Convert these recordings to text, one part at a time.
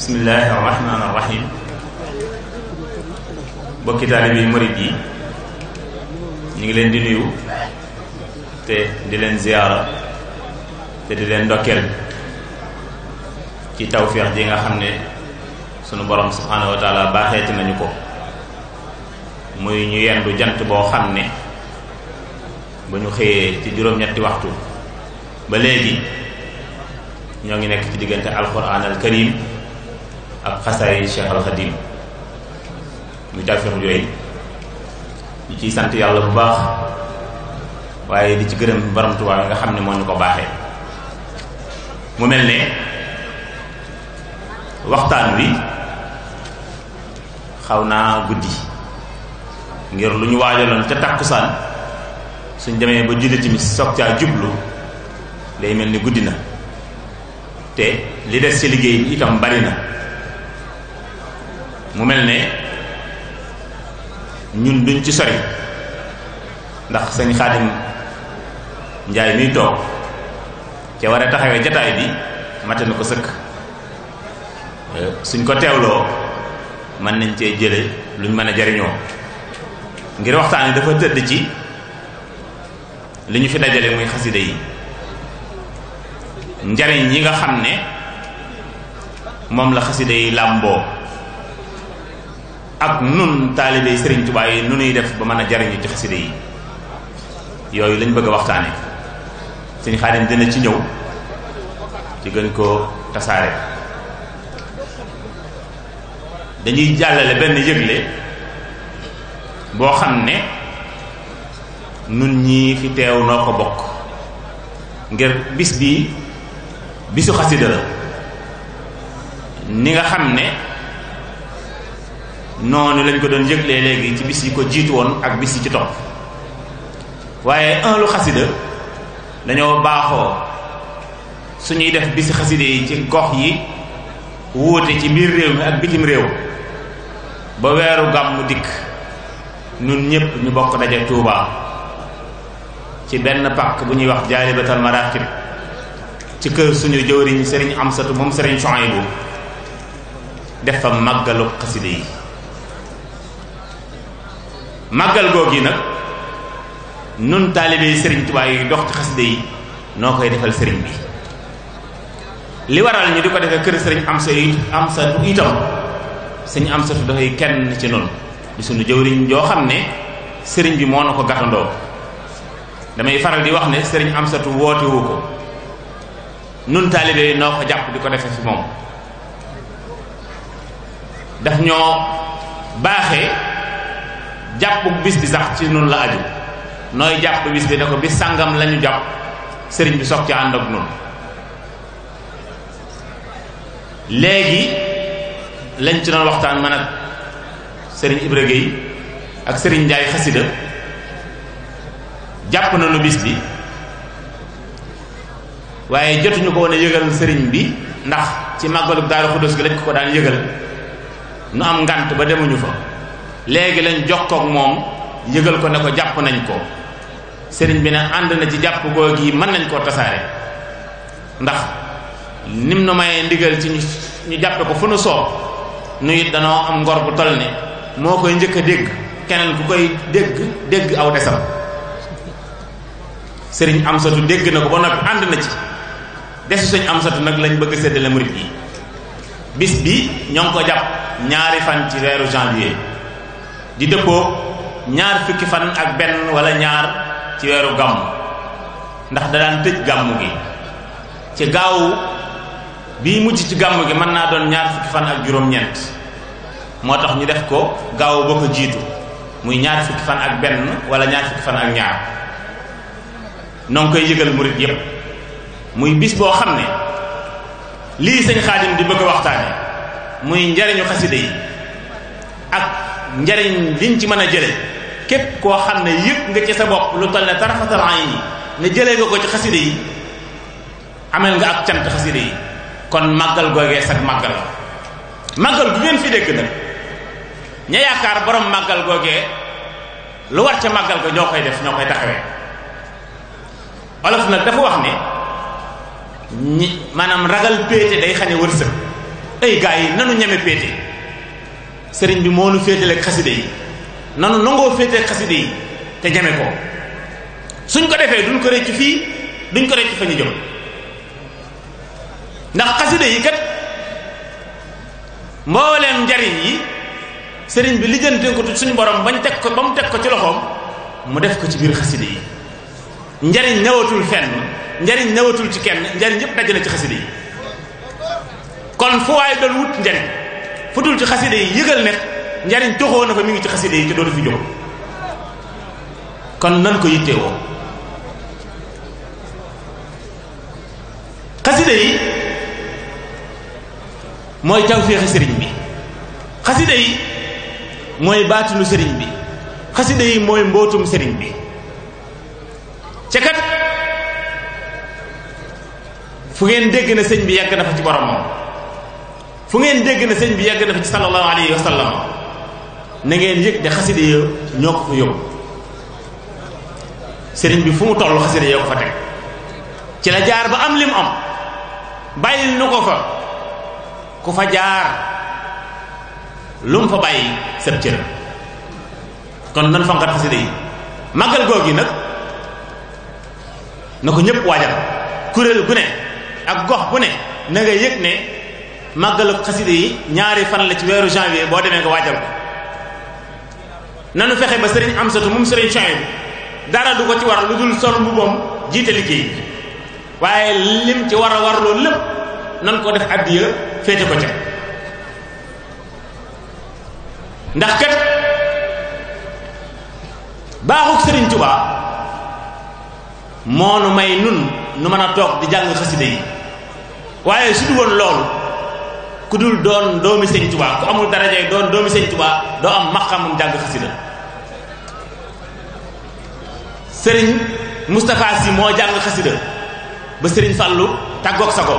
bismillaahi rahmaani rahiim bokki taalibe murit yi ñu ngi leen di nuyu te di leen ziyaara te di leen ndokkeel ci tawféex ji nga xam ne sunu borom subhaanahu wa taala baaxeeti nañu ko muy ñu yendu jant boo xam ne ba ñu xëyee ci juróom-ñetti waxtu ba léegi ñoo ngi nekk ci diggante alxuraan al ak xasaay Cheikh Al Khadim muy tawfeex yooyu ñu ciy sant yàlla bu baax waaye di ci gërëm borom Tuubaa nga xam ne moo ñu ko baaxe mu mel ne waxtaan wi xaw naa guddi ngir lu ñu waajaloon ca takkusaan suñ demee ba julli timis soog caa jublu day mel ni guddi na te li des ci liggéey bi itam bari na mu mel ne ñun duñ ci sori ndax sëñ xaadim njaay miy toog ca war a taxawee jataay bi mate ko sëkk euh, suñ ko teewloo mën nañ cee jële luñ mën a jariñoo ngir waxtaan yi dafa tëdd ci li ñu fi dajale muy xasida yi njariñ yi nga xam ne moom la xasida yi làmboo ak nun taalibe sëriñ Tuubaa yi nu nuy def ba mën a jariñu ci xasida yi yooyu lañ bëgg a waxtaane sëñ Xaadim dina ci ñëw ci gën ko tasaare dañuy jàllale benn yëgle boo xam ne nun ñii fi teew noo ko bokk ngir bis bii bisu xasida la ni nga xam ne noonu lañ ko doon yëglee léegi ci bis yi ko jiitu woon ak bis yi ci topp waaye un lu xasida dañoo baaxoo suñuy def bisi xasida yi ci gox yi wuute ci biir réew mi ak bitim réew ba weeru gàmmu dikk ñun ñépp ñu bokk daje Tuubaa ci benn pàkk bu ñuy wax jaalibatal maraqib ci kër suñu jëwriñ sëriñ Amsatu moom sëriñ Shuaybu def fa màggalu xasida yi màggal googi nag nun taalibe sëriñ Tuubaa yi dox ci xasida yi noo koy defal sëriñ bi li waral ñu di ko defee kër sëriñ am sa am sa itam sëñ am satu dafay kenn ci noonu di sunu jëwriñ joo xam ne sëriñ bi moo na ko gàttandoo damay faral di wax ne sëriñ am satu woote wu ko nun taalibe yi noo ko jàpp di ko defee fi moom daf ñoo baaxe jàppu bis bi sax ci nun la aju nooy jàpp bis bi ne ko bi sàngam lañu jàpp sëriñ bi soog ci ànd ak nun léegi lañ ci doon waxtaan man ak sëriñ Ibra Gueye ak sëriñ Njaay xasida jàpp na lu bis bi waaye jotuñu ko woon yëgal sëriñ bi ndax ci màggalu Daaru Xudoos gi lañ ko ko daan yëgal nu am ngànt ba demuñu fa léegi lañu jox kook moom yëgal ko ne ko jàpp nañ ko sëriñ bi ne ànd na ci jàpp goo gi mën nañ koo tasaare ndax nim nu mayee ndigal ci ñu jàppe ko fu nu soob nu danoo am ngor bu toll ne moo koy njëkk a dégg keneen ku koy dégg dégg aw desam sëriñ Amsatu dégg na ko ba noppi ànd na ci desu sëñ Amsatu nag lañ bëgg séddale murit yi bis bi ñoo ko jàpp ñaari fan ci weeru janvier di dëppoo ñaar fukki fan ak benn wala ñaar ci weeru gàmmu ndax da daan tëj gàmmu gi ci gaawu bii mujj ci gàmmu gi mën naa doon ñaar fukki fan ak juróom-ñeent moo tax ñu def ko gaawu ba ko jiitu muy ñaar fukki fan ak benn wala ñaar fukki fan ak ñaar noo ngi koy yëgal murit yépp muy bis boo xam ne lii sëñ Xaadim di bëgg waxtaane muy njariñu xasida yi njariñ liñ ci mën a jële képp koo xam ne yëg nga ci sa bopp lu toll ne tarafatal ayni ne jëlee nga ko ci xasida yi amel nga ak cant xasida yi kon màggal googee sag màggal la màggal bu ngeen fi dégg nag ña yaakaar boroom màggal googee lu war ca màggal ko ñoo koy def ñoo koy taxawee olof nag dafa wax ne ñi maanaam ragal péete day xañe wërsëg ay gaa yi nanu ñeme péete sëriñ bi moo nu féetale xaside yi nanu nangoo féetale xaside yi te ñeme ko suñ ko defee duñ ko rëcc fii duñ ko rëcc fa ñu jëm ndax xaside yi kat mbooleem njariñ yi sëriñ bi lijjante ko suñu borom bañ teg ko ba mu teg ko ci loxoom mu def ko ci biir xaside yi njariñ newatul fenn njariñ newatul ci kenn njariñ yëpp daj na ci xaside yi kon fu waay doon njariñ fu dul ci xasida yi yëgal ne njariñ toxoo na fa mi ngi ci xasida yi te dootu fi jóg kon nan ko yittewoo xasida yi mooy tawféexi sëriñ bi xasida yi mooy baatinu sëriñ bi xasida yi mooy mbootum sëriñ bi ca fu ngeen dégg na sëñ bi yàgg na fa ci boromam fu ngeen dégg na sëñ bi yegg na fi ci sallallahu alayhi wa sallam na ngeen yëg de xasida yo ñoo ko fa yóbbu sëriñ bi fu mu toll xasida yoo fa teg ci la jaar ba am lim am bàyyil nu ko fa ku fa jaar lu mu fa bàyyi sab cër kon nan fonkat xasida yi màggal googi nag na ko ñëpp waajal kurél gu ne ak gox bu ne na nga ne màggalu xasida yi ñaari fan la ci weeru janvier boo demee nga waajal ko nanu fexe ba sëriñ Amsatu moom sëriñ bi dara du ko ci war lu dul sol mbubbam jiite liggéey bi waaye lim ci war a war loolu lépp nan ko def addiya féete ko ca ndax kat baaxuk sëriñ Tuubaa moo nu may nun nu mën a toog di jàng xasida yi waaye su du woon loolu ku dul doon doomi sëñ tubaa ku amul darajay doon doomi sëñ Tuubaa doo am maxamum jàng xasida sëriñ Moustapha Sy moo jàng xasida ba sëriñ Fàllu tàggoog sa ko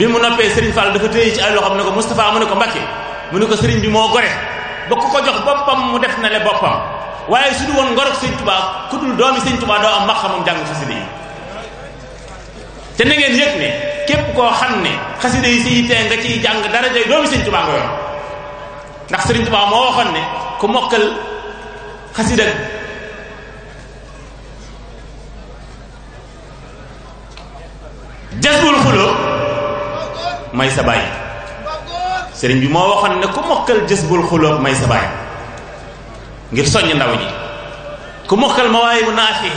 bi mu noppee sëriñ Fàllu dafa téye ci ay loxoom ne ko Moustapha mu ne ko Mbakke mu ne ko sëriñ bi moo gore ba ku ko jox boppam mu def na le boppam waaye su du woon ngorog sëñ Tuubaa ku dul doomi sëñ Tuubaa doo am maxamum jàng xasida yi te na ngeen ne képp koo xam ne xasida yi si tee nga ciy jàng dara jay doomi sëriñ tubaa nga yoon ndax sëriñ tubaa moo waxoon ne ku mokkal xasida jasbul xuloo may sa bàyyi sëriñ bi moo waxoon ne ku mokkal jasbul xuloo may sa bàyyi ndaw ji ku mokkal mawaayibu naafi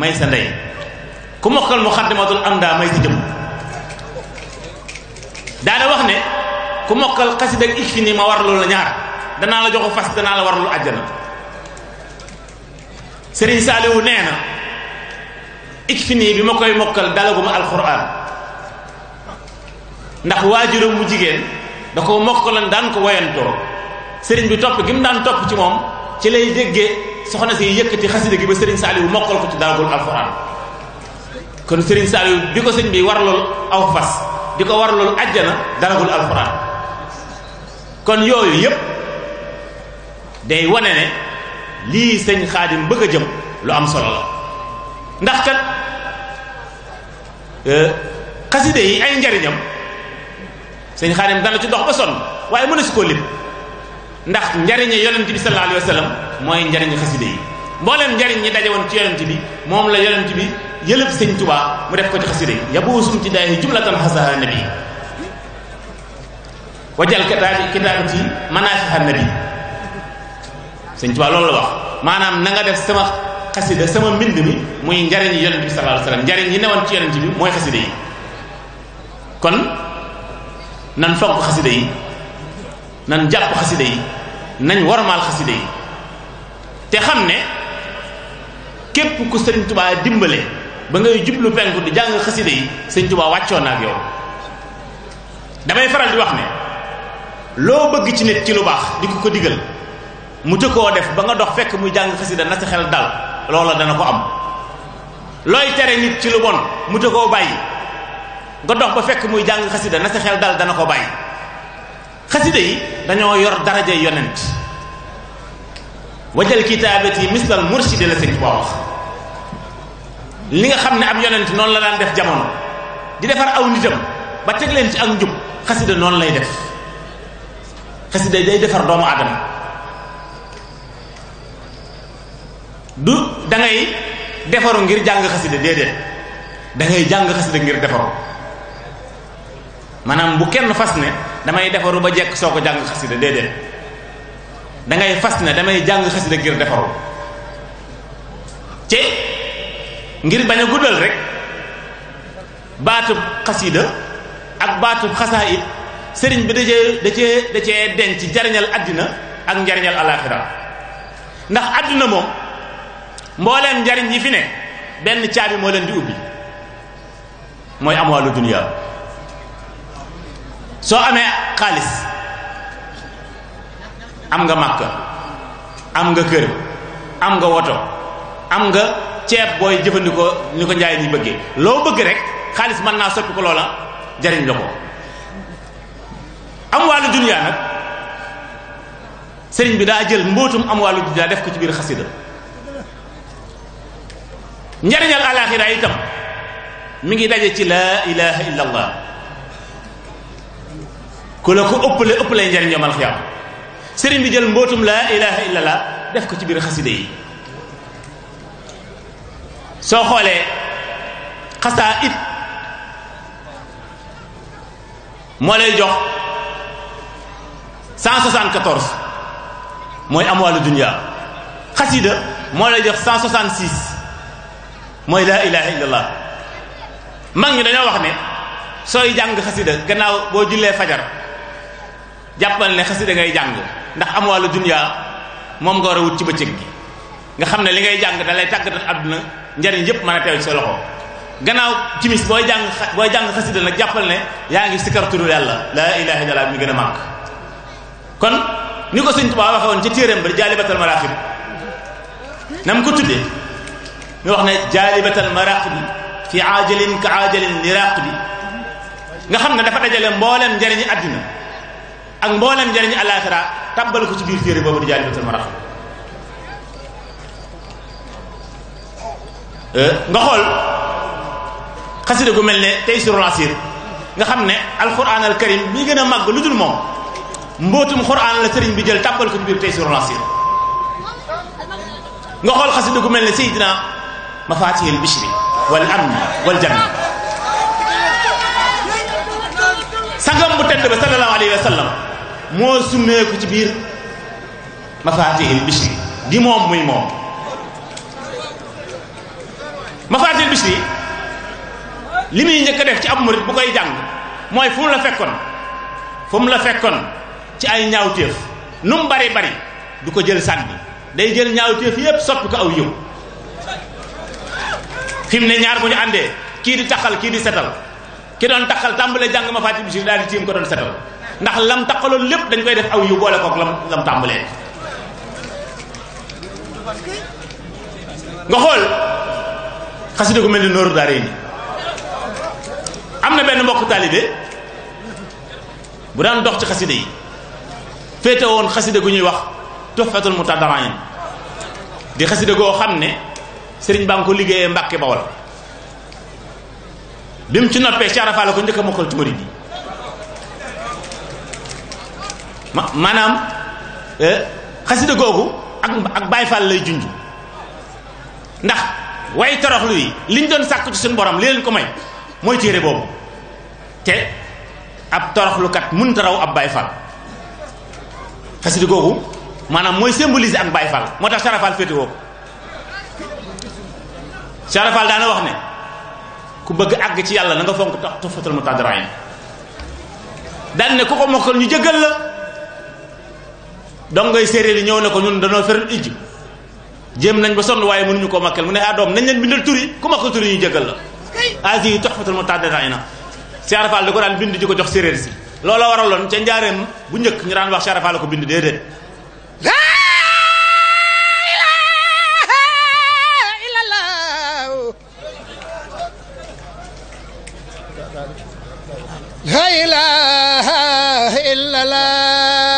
may sa ndey ku mokkal muxaddimatul amda may sa jëm daana wax ne ku mokkal xasida ak fi nii ma warlul ñaar danaa la joxu fas danaa la warlul àjjana sëriñ saaliwu nee na ik fi nii bi ma koy mokkal dalaguma alxuraan ndax waajuram mu jigéen da ko mokkaloon daan ko woyantoo sëriñ bi topp gi mu daan topp ci moom ci lay déggee soxna si yëkkati xasida gi ba sëriñ saaliwu mokkal ko ci dalagul alxuraan kon sëriñ saaliwu bi ko sëñ bi warlul aw fas di ko war loolu dara dalagul alxuraan kon yooyu yépp day wane ne lii sëñ xaadim bëgg a jëm lu am solo la ndax kat euh, xaside yi ay njariñam sëñ xaadim dana ci dox ba sonn waaye mën a si koo lim ndax njariñe yonent bi sallallahu alayhi mooy njariñu xaside yi mbooleem njariñ ñi daje woon ci yonent bi moom la yonent bi yëlëb sëñ tubaa mu def ko ci xasida yi yabuusum ci daayi jumlatan xasaha nabi wajal kitaabi kitaabi ci manaafiha nabi tubaa loolu la wax maanaam na nga def sama xasida sama mbind mi muy njariñ yi yonent bi sallallahu alayhi wasallam njariñ yi newoon ci yonent bi mooy xasida yi kon nan fonk xasida yi nan jàpp xasida yi nañ warmaal xasida yi te xam ne képp ku sëriñ tubaa dimbale ba ngay jublu penku di jàng xasida yi sëñ Tuubaa wàccoon na ak yow damay faral di wax ne loo bëgg ci nit ci lu baax di ko ko digal mu koo def ba nga dox fekk muy jàng xasida na sa xel dal loola dana ko am looy tere nit ci lu bon mu tëkkoo bàyyi nga dox ba fekk muy jàng xasida na sa xel dal dana ko bàyyi xasida yi dañoo yor daraja yonent wajal kitaabati mislal mursidi la sëñ Tuubaa wax li nga xam ne ab yonent noonu la daan def jamono di defar aw nitam ba teg leen ci ak njub xasida noonu lay def xasida day defar doomu aadama du da ngay ngir jàng xasida da ngay jàng xasida ngir defaru maanaam bu kenn fas ne damay defaru ba jekk soo ko jàng xasida déedéet da dangay fas ne damay jàng xasida ngir defaru ngir bañ a guddal rek baatub xasida ak baatub xasaayid sëriñ bi da cee da cee ci jariñal àddina ak njariñal alaaxira ndax àddina moom mbooleem njariñ yi fi ne benn caabi moo leen di ubbi mooy am amwaalu dunya soo amee xaalis am nga màkk am nga kër am nga woto am nga ceeb booy jëfandikoo ni ko njaay ni bëggee loo bëgg rek xaalis mën naa soppi ko loola jariñ la ko am wàllu duniyaa nag sëriñ bi daa jël mbóotum am wàllu duniyaa def ko ci biir xasida njariñal alaaxira itam mu ngi daje ci laa ilaha illa allah ku la ko ëppale ëppale njariñ yomal xiyaam sëriñ bi jël mbóotum laa ilaha illa def ko ci biir xasida yi soo xoolee xasaa it moo lay jox 174 mooy amwaalu dunya xasida moo lay jox 166 mooy laa ilaha illallah mag ñi dañoo wax ne sooy jàng xasida gannaaw boo jullee fajar jàppal ne xasida ngay jàng ndax am amwaalu dunya moom nga war a wut ci bëccëg gi nga xam ne li ngay jàng da lay tàggatal àdduna njariñ yëpp mën a teew ci gannaaw timis booy jàng booy jàng xasida nag jàppal ne yaa ngi sikkar turu yàlla laa ilaha illallah mi gën a màgg kon ni ko Sëriñ Tuubaa waxe woon ci téeréem ba jaalibatal maraaxib na mu ko tuddee ñu wax ne jaalibatal maraaxib fi aajalin ka aajalin li raaqibi nga xam ne dafa dajale mbooleem njariñi àddina ak mbooleem njariñi àllaaxira tàbbal ko ci biir téere boobu di jaalibatal maraaxib Euh, nga xool xasida gu mel ne tey surul asir nga xam ne alquran al karim bi gën a màgg lu dul moom mbootum quran la sëriñ bi jël tàbbal ko ci biir tey surul asir nga xool xasida gu mel ne sayidina mafatihil bishri wal amn wal janna sangam bu tedd ba sallallahu alayhi wa moo summeeku ci biir mafatihil bishri di moom muy moom Mafaatihul Bichri li muy njëkk def ci am murit bu koy jàng mooy fu mu la fekkoon fu mu la fekkoon ci ay ñaawteef nu mu bari bari du ko jël sànni day jël ñaawteef yépp soppi ko aw yiw fi ne ñaar bu ñu àndee kii di taxal kii di setal ki doon taxal tàmbalee jàng Mafaatihul Bichri daal di tiim ko doon setal ndax lam taxaloon lépp dañ koy def aw yiw boole kook lam lam tàmbalee nga xool xasida gu mel ni nooru daara ni am na benn mbokk taalibe bu daan dox ci xasida yi féete woon xasida gu ñuy wax tuhfatul mutadarain di xasida goo xam ne sëriñ baa ngi ko liggéeyee Mbàkke Bawol bi mu ci noppee ci arafaa ko njëkk a mokkal ci ma maanaam eh, xasida googu ak ak Baay Faal lay junj ndax way toroxlu yi liñ doon sàkku ci suñu borom li leen ko may mooy téere boobu te ab toroxlukat mënta raw ab Baay Faal xasida googu maanaam mooy symboliser ak Baay Faal moo tax Sara Faal féete woo ko Sara Faal wax ne ku bëgg àgg ci yàlla na nga fonk tax Tuhfatul Mutadarrin daan ne ku ko mokkal ñu jëggal la dongay séeréer yi ñëw ne ko ñun danoo feral ijj jéem nañ ba sonn waaye mënuñu ko makkal mu ne ah doom nañ leen bindal tur yi ku makkal tur ñu jëggal la asi yi toxfatul mu tàddanay na Seerafaal da ko daan bind di ko jox séeréer si loola waraloon ca njaareem bu njëkk ñu daan wax Seerafaal ko bind déedéet la ilaha illallah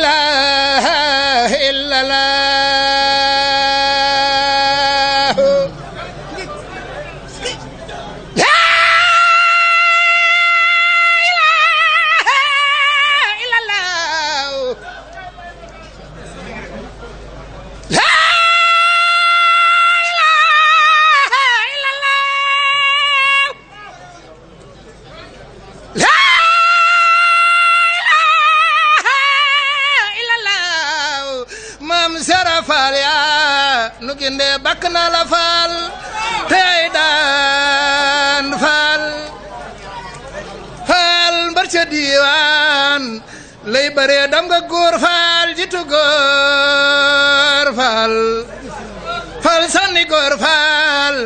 ilaha illallah bakk na la faal daan faal faal mbar ca diiwaan lay bëree dam nga góor faal jitu góor faal faal sanni góor faal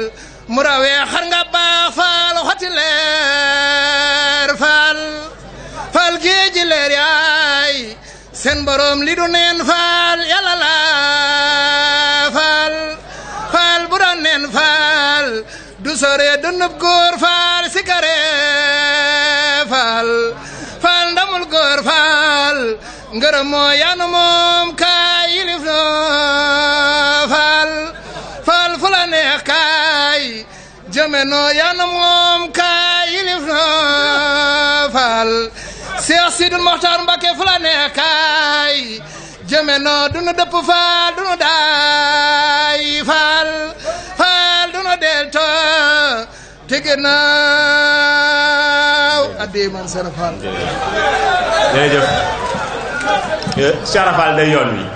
mu rawee xar nga baax faal xoti leer faal faal géeji leer yaay seen borom li du neen faal soree dunub faal faal faal ndamul góor faal ngërëm moo yaanu moom kaay yilif faal faal fu la neex noo yaanu moom kaay yilif noo faal Seex Sidul Moxtaar Mbakke fu la neex kaay jëme noo du nu dëpp faal du daay faal faal du nu del to man seen day yoon wi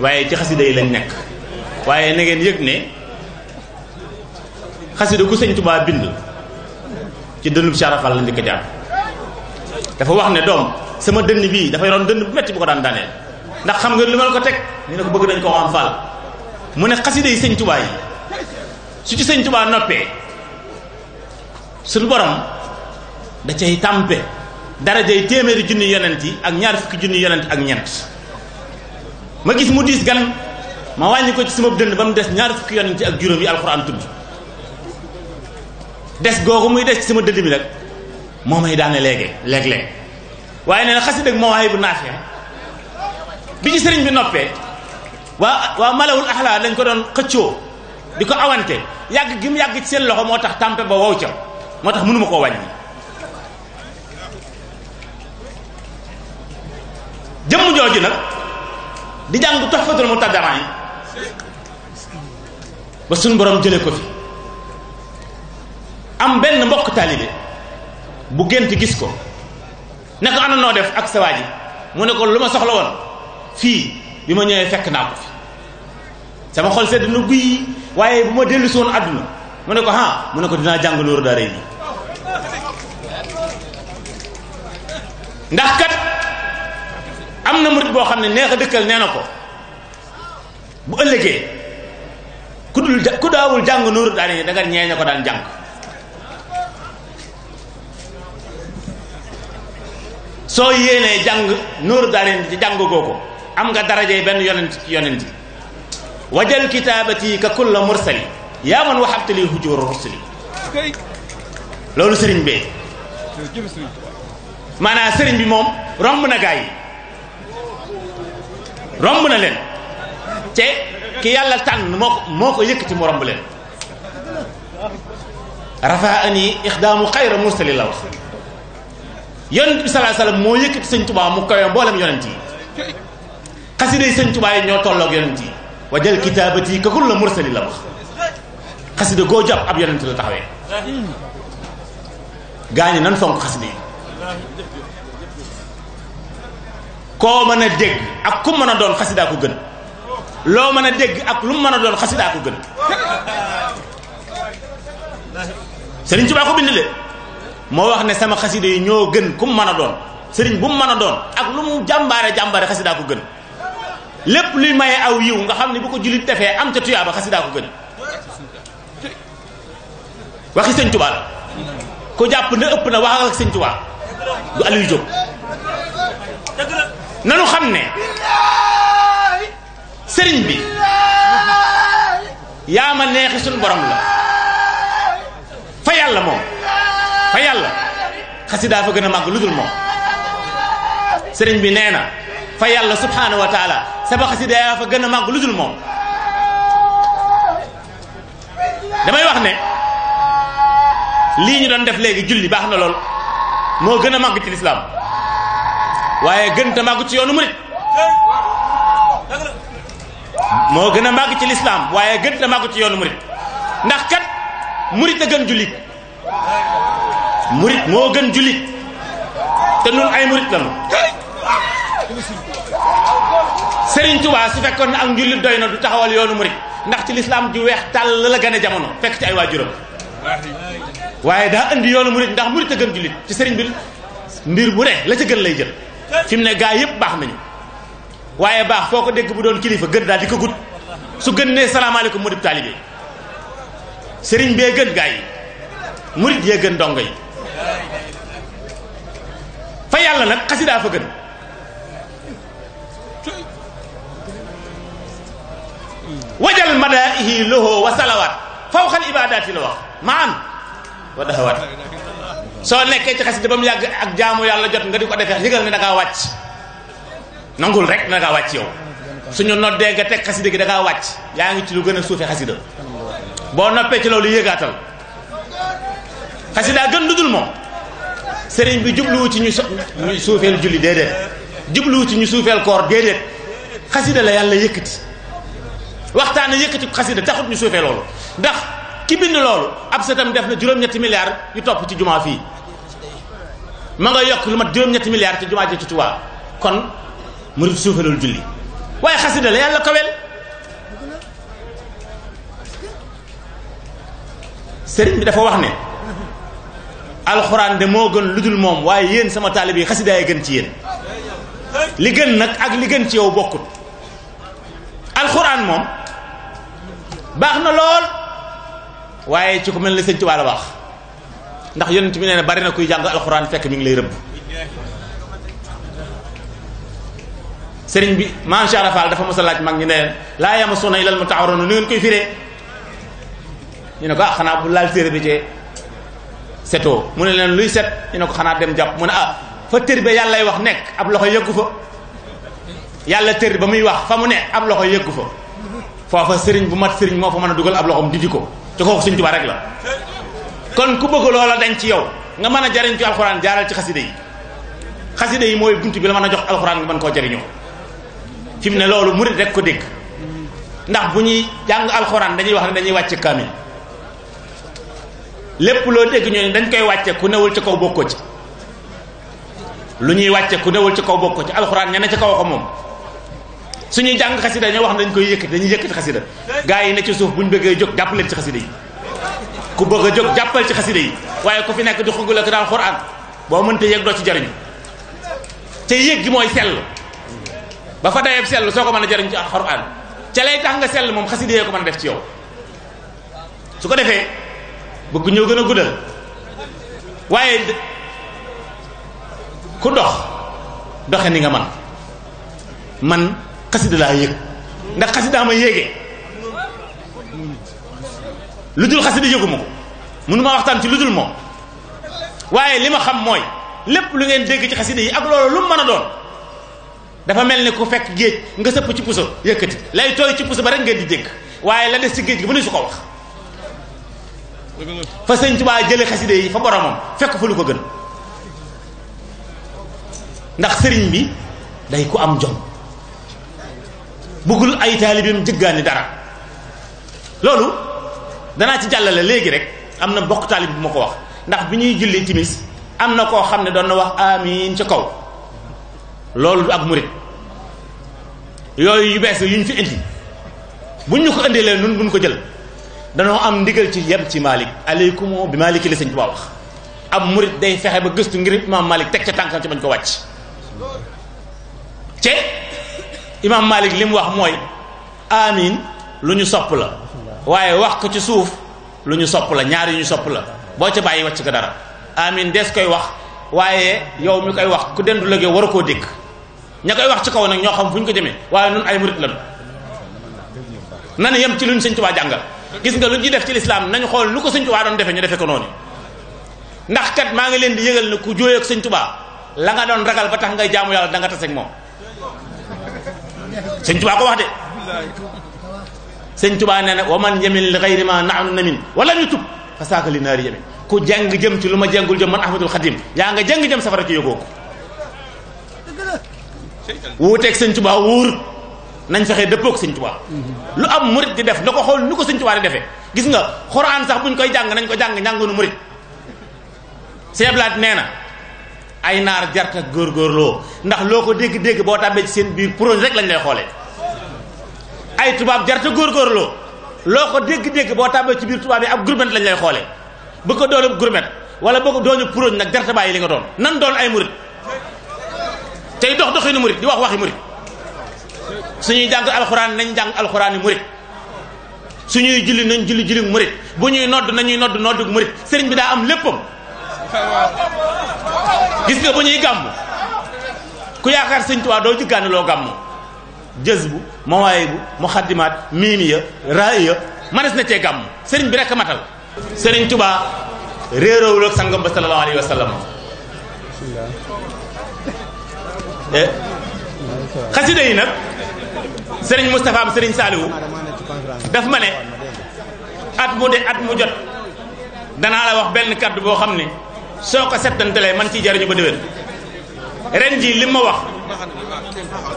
waaye ci xasida yi lañ nekk waaye na ngeen yëg ne xasida ku sëñ Tuubaa bind ci dënnub Cheikh la njëkk a dafa wax ne doom sama dënn bii dafa yoroon dënd bu metti bu ko daan daaneel ndax xam nga li ma ko teg ñu ne ko bëgg dañ koo am faal mu ne xasida yi sëñ tubaa yi su ci sëñ tubaa noppee suñu borom da cay tàmpe darajay téeméeri junni yonent yi ak ñaar fukki junni yonent ak ñeent ma gis mu diis gan ma wàññi ko ci sama dënd ba mu des ñaar fukki yonent ak juróom yi alxuraan tudd des googu muy des ci sama dënn bi nag moo may daane léegi léeg-léeg waaye nee na xasida ak Mawaahibu Naafi bi ci sëriñ bi noppee waa waa malawul axlaa dañ ko doon xëccoo di ko awante yàgg gi mu yàgg ci seen loxo moo tax tàmpe ba wow ca moo tax mënuma koo wàññi jëmm jooju nag di jàng mu Mutadarrin ba suñ borom jële ko fi am benn mbokk taalibe bu gént gis ko ne ko ana noo def ak sa ji mu ne ko lu ma soxla woon fii bi ma ñëwee fekk naa ko sama xol sedd na guy waaye bu ma dellu si woon àdduna mu ne ko ah mu ne ko dinaa jàng nooru daara yi ndax kat am na murid boo xam ne neex a dëkkal nee na ko bu ëllëgee ku dul ku daawul jàng yi da nga ñeeña ko daan jàng soo yéenee jàng nuuru daareen ci jàng goo ko am nga darajey benn yonent ci yonent yi wajal kitaabati ka kulla mursali yaa man waxabtali hujur rusuli loolu sëriñ bee maanaam sëriñ bi moom romb na gaa yi romb na leen te ki yàlla tànn moo ko moo ko yëkkati mu romb leen rafaani ixdaamu xayra mursali la wax yonent bi sallallahu moo yëkkati sëñ tubaa mu kawe mboolem yonent yi xasida yi sëñ tubaa yi ñoo tolloog yonent yi wa jël kitaabat yi kakul la mursali la wax xasida goo jàpp ab yonent la taxawee gaa ñi nan fonk xasida yi koo mën a dégg ak ku mën a doon xasidaa ko gën loo mën a dégg ak lu mën a doon xasidaa ko gën sëriñ tubaa ko bind de moo wax ne sama xasida yi ñoo gën ku mu mën a doon sëriñ bu mu mën a doon ak lu mu jàmbaare jàmbaare xasidaa ko gën lépp luy maye aw yiw nga xam ne bu ko jullit defee am ca tuyaaba xasidaa ko gën waxi sëñ Tuubaa ku jàpp ne ëpp na wax ak sëñ Tuubaa du Aliou Diop nanu xam ne sëriñ bi yaa ma neexi suñu borom la fa yàlla moom fa yàlla xasidaa fa gën a màgg lu dul moom sëriñ bi nee na fa yàlla subhaanahu wa taala sama fa gën a màgg lu jul moom damay wax ne lii ñu doon def léegi julli baax na lool moo gën a màgg ci lislaam waaye gën te màgg ci yoonu murit moo gën a màgg ci lislaam waaye gën te ci yoonu murit ndax kat murit a gën jullit murit moo gën jullit te nun ay murit lañu Serigne waa su fekkoon ne ak njullit doy na du taxawal yoonu murit ndax ci lislaam ju weex tàll la gën a jamono fekk ci ay waajuram waaye daa indi yoonu murit ndax murit a gën jullit ci sëriñ bi mbir mu ne la ca gën lay jël fi mu ne gaa yëpp baax nañu waaye baax foo ko dégg bu doon kilifa gën daal di ko gudd su gën nee salaamaaleykum mu dib sëriñ bee gën gaa yi murit yee gën dongo yi fa yàlla nag xasidaa fa gën wajal madaihi lahu wa salawaat fawqal ibadaati la wax maan wa dahawaat soo nekkee ci xasida ba mu yàgg ak jaamu yàlla jot nga di ko defee yëgal ne da ngaa wàcc nangul rek da ngaa wàcc yow suñu noddee nga teg xasida gi da wàcc yaa ngi ci lu gën a suufe xasida boo noppee ci loolu yëgaatal xasidaa gën lu dul moom sëriñ bi jubluwu ci ñu ñu suufeel julli déedéet jubluwu ci ñu suufeel koor déedéet xasida la yàlla yëkkati waxtaana yëkkati xasida taxut ñu suufee loolu ndax ki bind loolu ab setam def na juróom-ñetti milliards yu topp ci jumaa fii ma nga yokk lu mat juróom-ñetti milliards ci jumaa ji ci Tuubaa kon murid suufeelul julli waaye xasida la yàlla kawel sëriñ bi dafa wax ne alxuraan de moo gën lu dul moom waaye yéen sama taalib yi xasidaay gën ci yéen li gën nag ak li gën ci yow bokkut alxuraan moom baax na lool waaye ci ko mel ne sëñ ci la baax ndax yonent bi nee na bari na kuy jàng alxuraan fekk mi ngi lay rëbb sëriñ bi maam Cheikh dafa mos laaj mag ñi ne laa yama suna ilal mu taxaroon ni ngeen koy firee ñu ne ko ah xanaa bu laal téere bi setoo mu ne leen luy set ñu ne ko xanaa dem jàpp mu ne ah fa tër ba yàllay wax nekk ab loxo yëggu fa yàlla tër ba muy wax fa mu ne ab loxo yëggu fa foofa sëriñ bu mat sëriñ moo fa mën a dugal ab loxoom didi ko te kooku Sëriñ Tuubaa rek la kon ku bëgg loola dañ ci yow nga mën a jariñ ci alxuraan jaaral ci xasida yi xasida yi mooy bunt bi la mën a jox alxuraan nga mën koo jariñoo fi mu ne loolu mu rek ko dégg ndax bu ñuy jàng alxuraan dañuy wax ne dañuy wàcc kaamil lépp loo dégg ñu ne dañ koy wàcce ku newul ci kaw bokkoo ci lu ñuy wàcce ku newul ci kaw bokkoo ci alxuraan ña ne ci kaw ko moom suñuy jàng xasida ñoo wax ne dañ koy yëkkati dañuy yëkkati xasida gaa yi ne ci suuf bu ñu bëggee jóg jàpp leen ci xasida yi ku bëgg a jóg jàppal ci xasida yi waaye ku fi nekk di xugul ak daal xuraan boo mënta yëg doo ci jariñu te yëg gi mooy sell ba fa dayeb sell soo ko mën a jariñ ci alxuraan ca lay tax nga sell moom xasida yee ko mën def ci yow su ko defee bëgg ñoo gën a guddal waaye ku dox doxe ni nga man man xasida laa yëg ndax xasida ma yéegee lu dul xasida yëguma ko mënuma waxtaan ci lu dul moom waaye li ma xam mooy lépp lu ngeen dégg ci xasida yi ak loolu lu mu mën a doon dafa mel ni ku fekk géej nga sëpp ci puso yëkkati lay tooy ci puso ba rek ngeen di dégg waaye la des ci géej gi bu ne su ko wax fa sëñ Tuubaa jële xaside yi fa boromam fekk fa lu ko gën ndax sëriñ bi day ku am jom bëggul ay taalibeem jëggaani dara loolu danaa ci jàllale léegi rek am na bokk taalib bu ma ko wax ndax bi ñuy julli timis am na koo xam ne doon na wax amiin ca kaw loolu du ak murit yooyu yu bees yu ñu fi indi buñ ñu ko indilee nun buñ ko jël danoo am ndigal ci yem ci Malick aleykumo bi Malick li sëñ Tuubaa wax am murit day fexe ba gëstu ngir imaam Malick teg ca tànkam ci bañ ko wàcc ce imaam Malick li mu wax mooy amin lu ñu sopp la waaye wax ko ci suuf lu ñu sopp la ñaar yu ñu sopp la boo ca bàyyi wàcc ko dara amin des koy wax waaye yow mi koy wax ku dendu léegi waru koo dégg ña koy wax ci kaw nag ñoo xam fu ñu ko demee waaye nun ay murit la nan yam ci lu ñu sëñ Tuubaa jàngal gis nga lu ñu def ci lislaam nañu xool lu ko sëñ tubaa doon defee ñu defee ko noonu ndax kat maa ngi leen di yëgal ne ku jooy ak sëñ tubaa la nga doon ragal ba tax ngay jaamu yàlla da nga tase ak moom sëñ tubaa ko wax de sëñ tubaa nee na wa man yamin li gayri ma naanu namin wala ñu tub fa saaka li naari yamin ku jàng jëm ci lu ma jàngul jëm man ahmadul xadim yaa nga jàng jëm safara ci yógoo ko sëñ tubaa wóor nañ fexee dëppoog sëñ Tuubaa lu am murit di def na ko xool nu ko sëñ Tuubaa di defee gis nga xoraan sax buñ koy jàng nañ ko jàng njàngunu murit sëñ Ablaat nee na ay naar jarta góorgóorloo ndax loo ko dégg-dégg boo tàbbee ci seen biir projet rek lañ lay xoolee ay tubaab jarta góorgóorloo loo ko dégg-dégg boo tàbbee ci biir tubaab yi ab groupement lañ lay xoolee bu ko doon groupement wala boo ko doon projet nag jarta bàyyi li nga doon nan doon ay murit tey dox doxinu murit di wax waxi murit suñuy jàng alxuraan nañ jàng alxuraan yi murit suñuy julli nañ julli julli murit bu ñuy nodd nañuy nodd nodd murit sëriñ bi daa am léppam gis nga bu ñuy gàmm ku yaakaar sëñ Tuubaa doo jëggaani loo gàmm jës bu mawaay bu muxaddimaat miimiya raaya na cee gàmm sëriñ bi rekk matal sëriñ Tuubaa réeroowul ak sangam ba sallallahu alayhi wa eh? xasida yi nag sëriñ Moustapha bu sëriñ Saliou daf ma ne at mu de at mu jot danaa la wax benn kàddu boo xam ne soo ko settantalee man ciy jariñu ba déwén ren jii li ma wax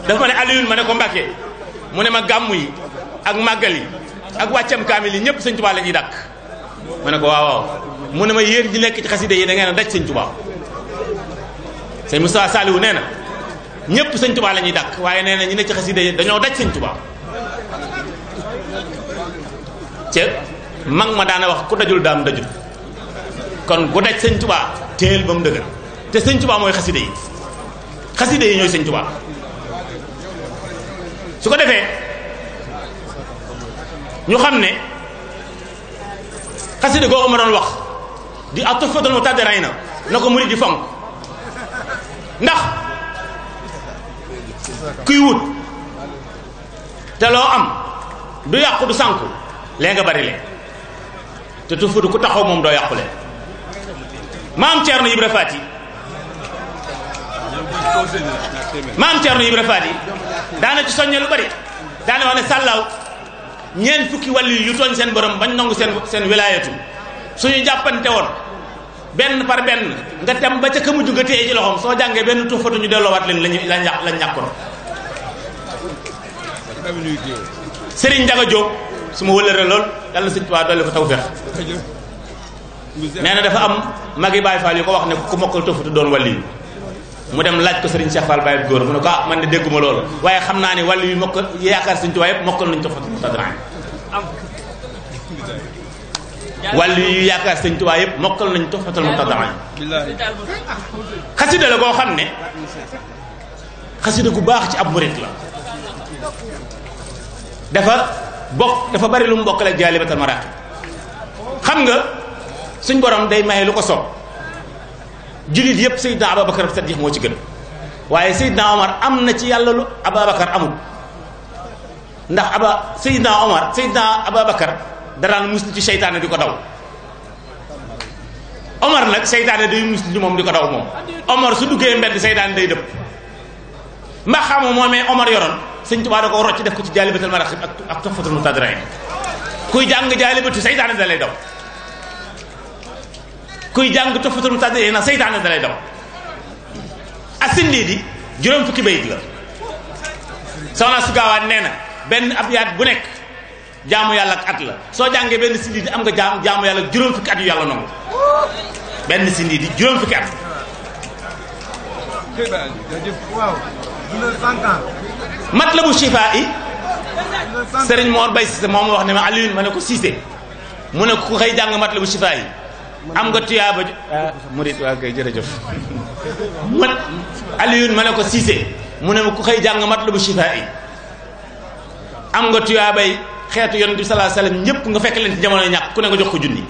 daf ma ne Alioune ma ne ko Mbàkke mu ne ma gàmmu yi ak màggal yi ak wàccam kaamil yi ñëpp sëñ Tuubaa la ñuy dàkk ma ne ko waaw mu ne ma yéen ji nekk ci xaside yi da ngeen a daj sëñ Tuubaa sëñ Moustapha Saliou nee na ñépp sëñ tubaa la ñuy dàkk waaye nee na ñu ne ci xasida yi dañoo daj sëñ tubaa ca mag ma daana wax ku dajul daam dajul kon ku daj sëñ tubaa téel ba mu dëgër te sëñ tubaa mooy xasida yi xasida yi ñooy sëñ tubaa su ko defee ñu xam ne xasida googu ma doon wax di ak toffatul mu tàddi ray na na ko murid di fonk ndax kuy wut te loo am du yàqu du sànku lee nga bari lee te tu ku taxaw moom doo yàqu lee maam Thierno Ibra Faty maam Thierno Ibra Faty daana ci soññe lu bari daana wax ne sàllaaw ñeent fukki wàlli yu tooñ seen borom bañ nangu seen seen wilaayatu suñu jàppante woon benn par benn nga dem ba ca ka mujj nga téye ci loxoom soo jàngee benn tuufatu ñu delloowaat leen lañu lañ yàq lañ ñàkkoon Serigne Ndiaga Diop su ma wëlëree lool yàlla na sëñ Tuubaa dolli ko tawfeex nee na dafa am yi Baye Fall yu ko wax ne ku mokkal tofatu doon wàll yi mu dem laaj ko Serigne Cheikh Fall Baye góor mu ne ko ah man de dégguma loolu waaye xam naa ne wàll yu mokk yaakaar sëñ Tuubaa yëpp mokkal nañu tofatu mutadran wàll yu yaakaar sëñ Tuubaa yëpp mokkal nañu tofatu mutadran xasida la koo xam ne xasida gu baax ci ab murit la dafa bokk dafa bari lu mu bokkale jaalibatal maraqib xam nga suñ borom day maye lu ko soob jullit yépp Seydina Ababakar Sadiq moo ci gën waaye Seydina Omar am na ci yàlla lu Ababakar amul ndax aba Seydina ci seytaane di ko daw Omar nag seytaane day musli ci moom di ko daw moom Omar su duggee mbedd seytaane day dëpp mba xamu moomee Omar yoroon sëñ Tuubaa da ko ko ci jaalibatul maraaxib ak ak tuhfatul mutadarain kuy jàng jaalibatu seytaane da lay daw da lay daw asindi di juróom fukki nee na benn ab yaat bu nekk jaamu yàlla ak at la soo jàngee benn si di am nga jaam jaamu yàlla juróom fukki at yu yàlla nangu benn sindi di juróom fukki at. mat la bu shifaa yi sëriñ Mor Bay Cissé moom wax ne ma Alioune ma ne ko Cissé mu ne ko xëy jàng matlabu shifaa yi am nga tuyaaba ah murid waa kay mat Alioune ma ne ko mu ne ku xëy jàng matlabu shifaa yi ah, am nga tuyaabay xeetu yonent bi sallallahu alayhi wasallam ñëpp nga fekk leen ci jamono ñàkk ku ne nga jox ko junni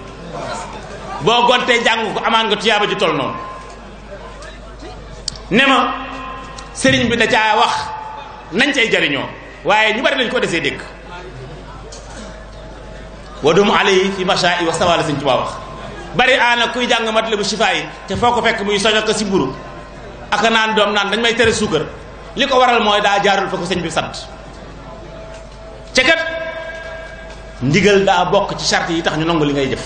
boo gontee jàng ko amaan nga tuyaaba ji toll noonu ne ma sëriñ bi da caa wax. nañ cay jariñoo waaye ñu bari lañ ko desee dégg wa dum alay fi macha i wax sawala sëñ Tuubaa wax bari aana kuy jàng matale bu shifaa yi te foo ko fekk muy soño ko si mburu aka naan doom naan dañ may tere suukar li ko waral mooy daa jaarul fa ko sëñ bi sant ca kat ndigal daa bokk ci charte yi tax ñu nangu li ngay jëf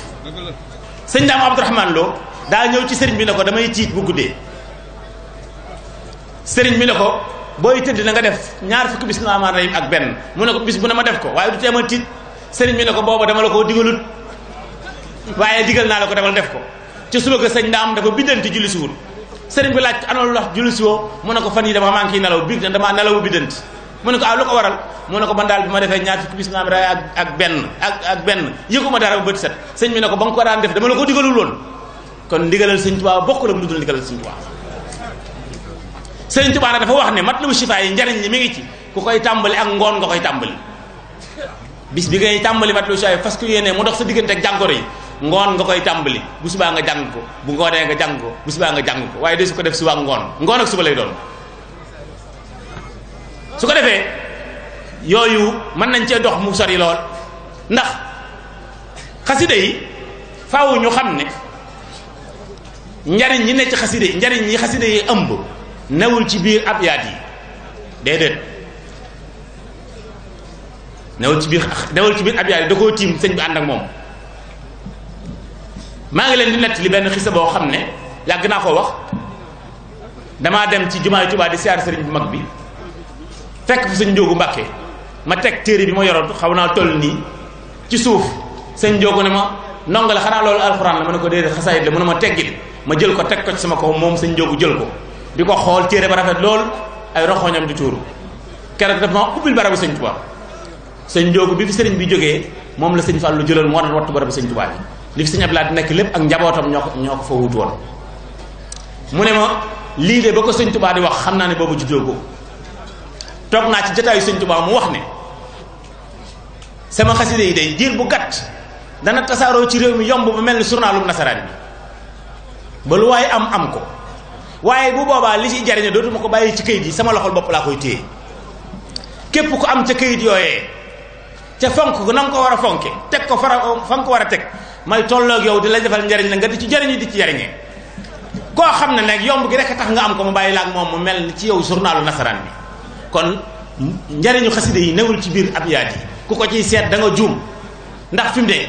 sëñ daam Abdourahman loo daa ñëw ci sëriñ bi ne ko damay tiit bu guddee sëriñ bi ne ko booy tëdd na nga def ñaar fukki bis naa maanaam ak benn mu ne ko bis bu ne ma def ko waaye du tee ma tiit sëriñ bi ne ko booba dama la koo digalut waaye la ko demal def ko ci suba ko sëñ ndaam dafa biddanti julli siwul sëriñ bi laaj ko ana lu wax julli siwoo ne ko fan yi dama maa ngi ciy nelaw biig damaa nelawu biddanti ne ko ah lu ko waral mu ne ko man daal bi ma defee ñaar fukki ak benn ak ak benn yëguma dara ba bët set sëñ bi ne ko ba nga ko daan def dama la ko digalul woon kon ndigalal sëñ Tuubaa bokkul ak lu dul ndigalal sëñ Tuubaa sëriñ Tuubaa nag dafa wax ne matlabu shifa yi njariñ li mi ngi ci ku koy tàmbali ak nga koy tàmbali bi ngay tàmbali matlabu shifa yi fas ku mu dox sa diggante ak jàngoro ngoon nga koy tàmbali bu nga jàng ko bu ngoonee nga jàng ko nga jàng ko waaye de su ko def suba ngoon ngoon ak suba lay ko defee yooyu mën nañ cee dox mu sori lool ndax xasida yi faw ñu xam ne njariñ ñi ne ci xasida yi njariñ ñi xasida yi ëmb newul ci biir abyaat yi déedéet newul ci biir newul ci biir abyaat yi da koo tiim sëñ bi ànd ak moom maa ngi leen di nett li benn xisa boo xam ne yàgg naa ko wax damaa dem ci jumaay Tuubaa di siyaar sëriñ bu mag bi fekk fu sëñ Njóogu Mbàkke ma teg téere bi ma yoroon xaw naa toll nii ci suuf sëñ Njóogu ne ma ndongo la xanaa loolu alxuraan la ma a ko déedéet xasaayit la mu ne ma teggil ma jël ko teg ko sama ko moom sëñ Njóogu jël ko di ko xool cére ba rafet lool ay roxoñam di tuuru keroog dafa ma ubbil barabu sëñ Tuubaa sëñ Njoogu bi fi sëriñ bi jógee moom la sëñ Fàllu jëloon moo doon wattu barabu sëñ Tuubaa bi li fi sëñ Ablaay di nekk lépp ak njabootam ñoo ko ñoo ko fa wutu woon mu ne ma lii de ba ko sëñ Tuubaa di wax xam naa ne boobu juddoo ko toog naa ci jataayu sëñ Tuubaa mu wax ne sama xaside yi day diir bu gàtt dana tasaaroo ci réew mi yomb ba mel ni journalum nasaraan bi ba lu waaye am am ko waaye bu boobaa li ci jariña dootuma ko bàyyi ci kayit yi sama loxol bopp laa koy téye képp ku am ca kayit yooyee ca fonk ko na ko war a fonke teg ko fara fa nga ko war a teg may tolloog yow di la defal njariñ la nga di ci jariñu di ci jariñee koo xam ne nag yomb gi rek a tax nga am ko mu bàyyi laa ak moom mu mel ni ci yow journalu nasaraan bi kon njariñu xasida yi newul ci biir ab yaat yi ku ko ciy seet da nga juum ndax fi mu de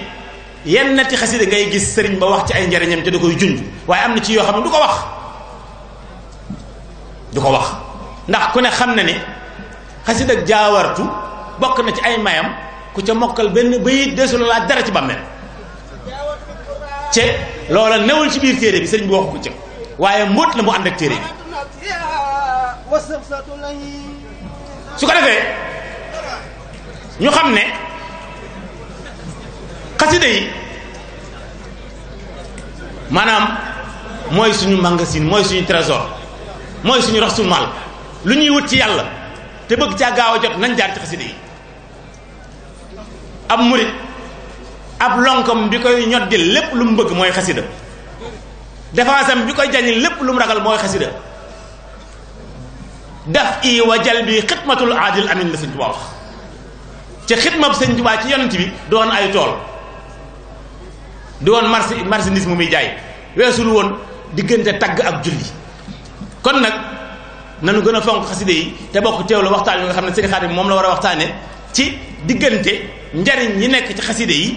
yenn ti xasida ngay gis sëriñ ba wax ci ay njariñam te da koy junj waaye am na ci yoo xam ne du ko wax du ko wax ndax ku ne xam na ne xasida ak jaawartu bokk na ci ay mayam ku ca mokkal benn bayit deesu la laaj dara ci bàmmeel ce loola newul ci biir téere bi sëriñ bi ko ci waaye mbóot la mu ànd ak téere bi su ko defee ñu xam ne xasida yi maanaam mooy suñu magasin mooy suñu trésor mooy suñu rasul mal lu ñuy wut ci yàlla te bëgg caa gaaw a jot nañ jaar ci xasida yi ab murit ab lonkam bi koy ñoddi lépp lu mu bëgg mooy xasida defaasam bi koy jañi lépp lu mu ragal mooy xasida daf i wa jal bi xidmatul aadil amin la sëñ Tuubaa wax ci xidma sëñ Tuubaa ci yonent bi doon ay tool doon marchandise mu muy jaay weesul woon diggante tagg ak julli kon nag nanu gën a fonk xaside yi te bokk teew la waxtaan wi nga xam ne sëñ Xaadim moom la war a waxtaane ci diggante njariñ yi nekk ci xaside yi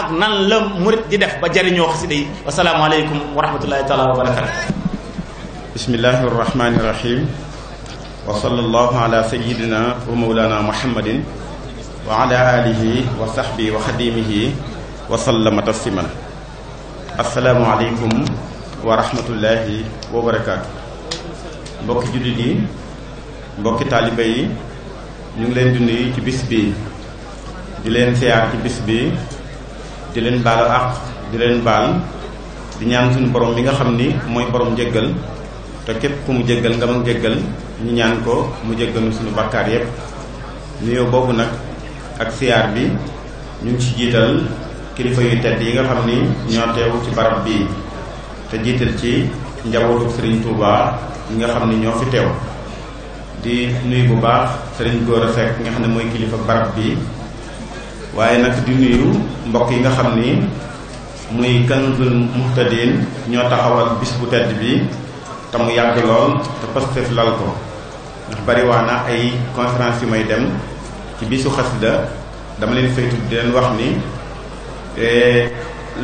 ak nan la murit di def ba jariñoo xaside yi wasalaamualeykum wa rahmatullahi taala wa barakatu bismillahi arrahmani irrahim wa sallallahu ala sayidina wa maulana muhammadin wa ala mbokki jullit yi mbokki taalibe yi ñu ngi leen di nuyu ci bis bi di leen siyaar ci bis bi di leen baalu àq di leen baal di ñaan suñu borom mi nga xam ni mooy borom jéggal te képp ku mu jéggal nga ma jéggal ñu ñaan ko mu jéggal suñu bakkaar yépp nuyoo boobu nag ak siyaar bi ñu ngi ci jiital kilifa yu tedd yi nga xam ni ñoo teew ci barab bi te jiital ci njabootu Serigne Touba ñi xam ne ñoo fi teew di nuyu bu baax sëriñ góor a sekk nga xam ne mooy kilifa barab bi waaye nag di nuyu mbokk yi nga xam ni muy kanzul muhtadin ñoo taxawal bis bu tedd bi te mu yàgg lool te Pastef lal ko ndax bariwaa na ay conférence yu may dem ci bisu xasida dama leen fay tudd di leen wax ni eh,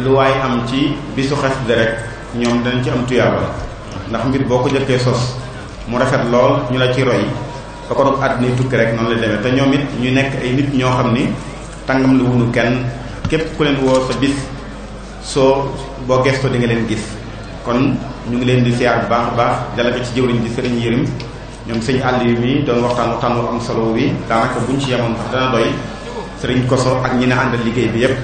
lu waay am ci bisu xasida rek ñoom dañ ci am tuyaaba ndax mbir boo ko jëkkee sos mu rafet lool ñu la ci roy ba ko doon àddina tukki rek noonu lay demee te ñoom it ñu nekk ay nit ñoo xam ni tàngam la wunu kenn képp ku leen woo sa bis soo boo gestoo di nga leen gis kon ñu ngi leen di siyaar bu baax baax dala ko ci jëwriñ ji sëriñ yërim ñoom sëñ àll yi mi doon waxtaan waxtaan wu am solo wi daanaka buñ ci yemoon sax dana doy sëriñ koso ak ñi ne àndal liggéey bi yépp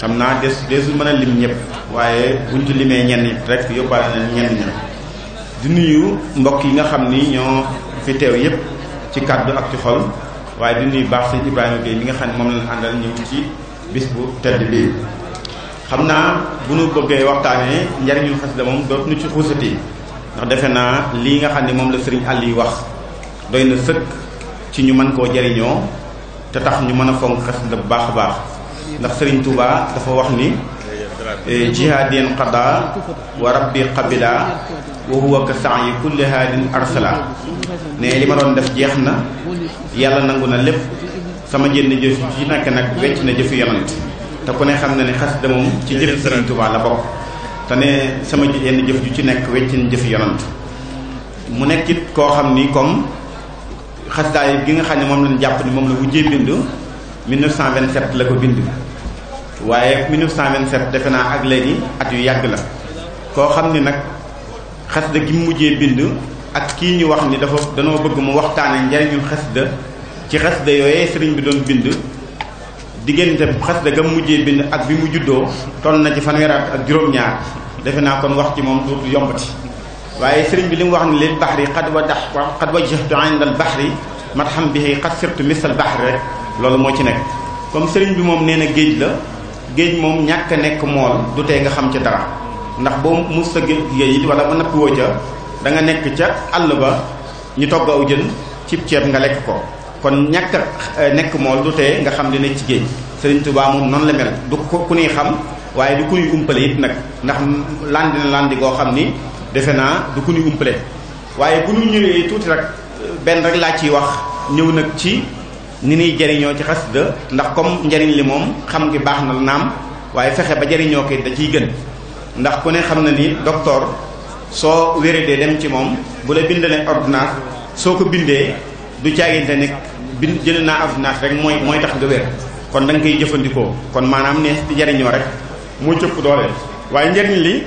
xam naa des su mën a lim ñëpp waaye buñ ci limee ñenn it rek yóbbaale na ñenn ña di nuyu mbokk yi nga xam ni ñoo fi teew yépp ci kàddu ak ci xol waaye di nuyu baax sëñ Ibrahima Gueye mi nga xam ne moom lañ àndal ñëw ci bis bu tedd bii xam naa bu nu bëggee waxtaanee njariñu xasida moom dootuñu ci xuusati ndax defe naa lii nga xam ne moom la sëriñ àll yi wax doy na sëkk ci ñu mën koo jariñoo te tax ñu mën a fonk xasida baax a baax ndax sëriñ Touba dafa wax ni eh, jihaadin qada wa rabbi qabila wa huwa ka sa'yi kulli haadin arsala ne li ma doon def jeex na yàlla nangu na lépp sama jënd jëf ci nekk nag wecc na jëfi yonent te ku ne xam na ne xas da moom ci jëf Sëriñ Tuubaa la bokk te ne sama jënd jëf ju ci nekk wecc na jëfi yonent mu nekk it koo xam ni comme xasdaay gi nga xam ne moom lañ jàpp ni moom la wujjee bind 1927 la ko bind waaye 1927 defe naa ak léegi at yu yàgg la koo xam ni nag xasida gi mujjee bind ak kii ñu wax ni dafa danoo bëgg mu waxtaane njariñul xasida ci xasida yooyee sëriñ bi doon bind diggante de ga mujjee bind ak bi mu juddoo toll na ci fanweer ak juróom-ñaar defe naa kon wax ci moom dootul yombati waaye sëriñ bi li mu wax ni lil baxri xad wa dax xad wa jahtu indal baxri mat xam bi xat sirtu misal baxri loolu moo ci nekk comme sëriñ bi moom nee na géej la géej moom ñàkk a nekk mool du nga xam ci dara ndax boo mus sa géej wala ba napp woo ca da nga nekk ca àll ba ñu togg aw jën cib ceeb nga lekk ko kon ñàkk eh, nekk mool du tee nga xam li nekk ci géej Sëriñ Tuubaa moom noonu la mel du ko ku nuy xam waaye du ku nuy umpale it nag ndax landi na landi xam ni defe naa du ku waaye bu ñu tuuti rek benn rek laa ciy wax ñëw nag ci ni nuy jariñoo ci xasida ndax comme njariñ li moom xam ngi baax na naam waaye fexe ba jariñoo ko da ciy gën ndax ku ne xam na ni docteur soo wéradee dem ci moom bu la bindalee ordonnance soo ko bindee du caaginte ne bind jël naa ordonnance rek mooy mooy tax nga wér kon da koy jëfandikoo kon maanaam ne ci jariñoo rek moo cëpp doole waaye njariñ li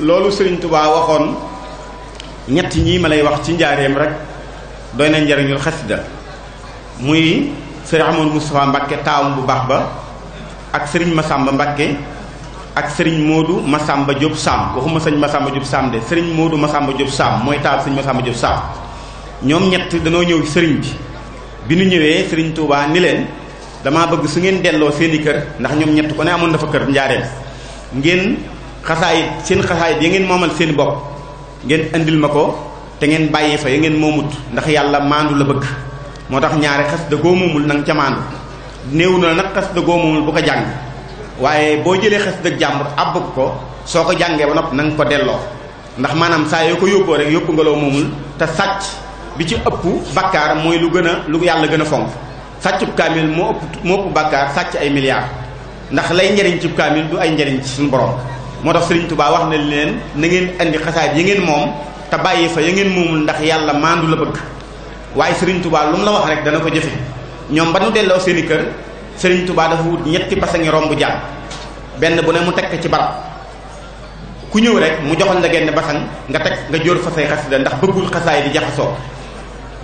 loolu Sëriñ Tuubaa waxoon ñetti ñii ma lay wax ci njaareem rek doy na njariñul xasida muy sëriñ Amadou Moustapha Mbacke bu baax ba ak sëriñ Massamba Mbacke ak sëriñ Modou Massamba jóob Sam waxuma sëñ Massamba Diop Sam de sëriñ Modou Massamba Diop Sam mooy taal sëñ Massamba Diop Sam ñoom ñett danoo ñëw sëriñ bi bi nu ñëwee sëriñ Touba ni leen damaa bëgg su ngeen delloo seen i kër ndax ñoom ñett ko ne amoon dafa kër njaareel ngeen xasaa xasaayit seen xasaayit ya ngeen moomal seeni bopp ngeen indil ma ko te ngeen bàyyi fa ya ngeen moomut ndax yàlla maandu la bëgg moo tax ñaare xas da goo moomul nanga ca maandu na nag xas da goo moomul bu ko jàng waaye boo jëlee xasida jàmbur àbb ko soo ko jàngee ba noppi nanga ko delloo ndax maanaam saa yoo ko yóbboo rek yóbbu nga loo moomul te sàcc bi ci ëpp bakkaar mooy lu gën a lu yàlla gën a fonk sàccub kaamil moo ëpp moo ëpp bakkaar sàcc ay milliards ndax lay njëriñ cib kaamil du ay njëriñ ci suñu borom moo tax Sëriñ tubaa wax na leen na ngeen indi xasaayid ya ngeen moom te bàyyi fa ya ngeen moomul ndax yàlla maandu la bëgg waaye Sëriñ Tuubaa lu mu la wax rek dana ko jëfe ñoom ba nu delloo seen i sëriñ tubaa dafa wut ñetti basangi romb jàpp benn bu ne mu teg ci barab ku ñëw rek mu joxoon la genn basan nga teg nga jóor fa say xasida ndax bëggul xasaay di jaxasoo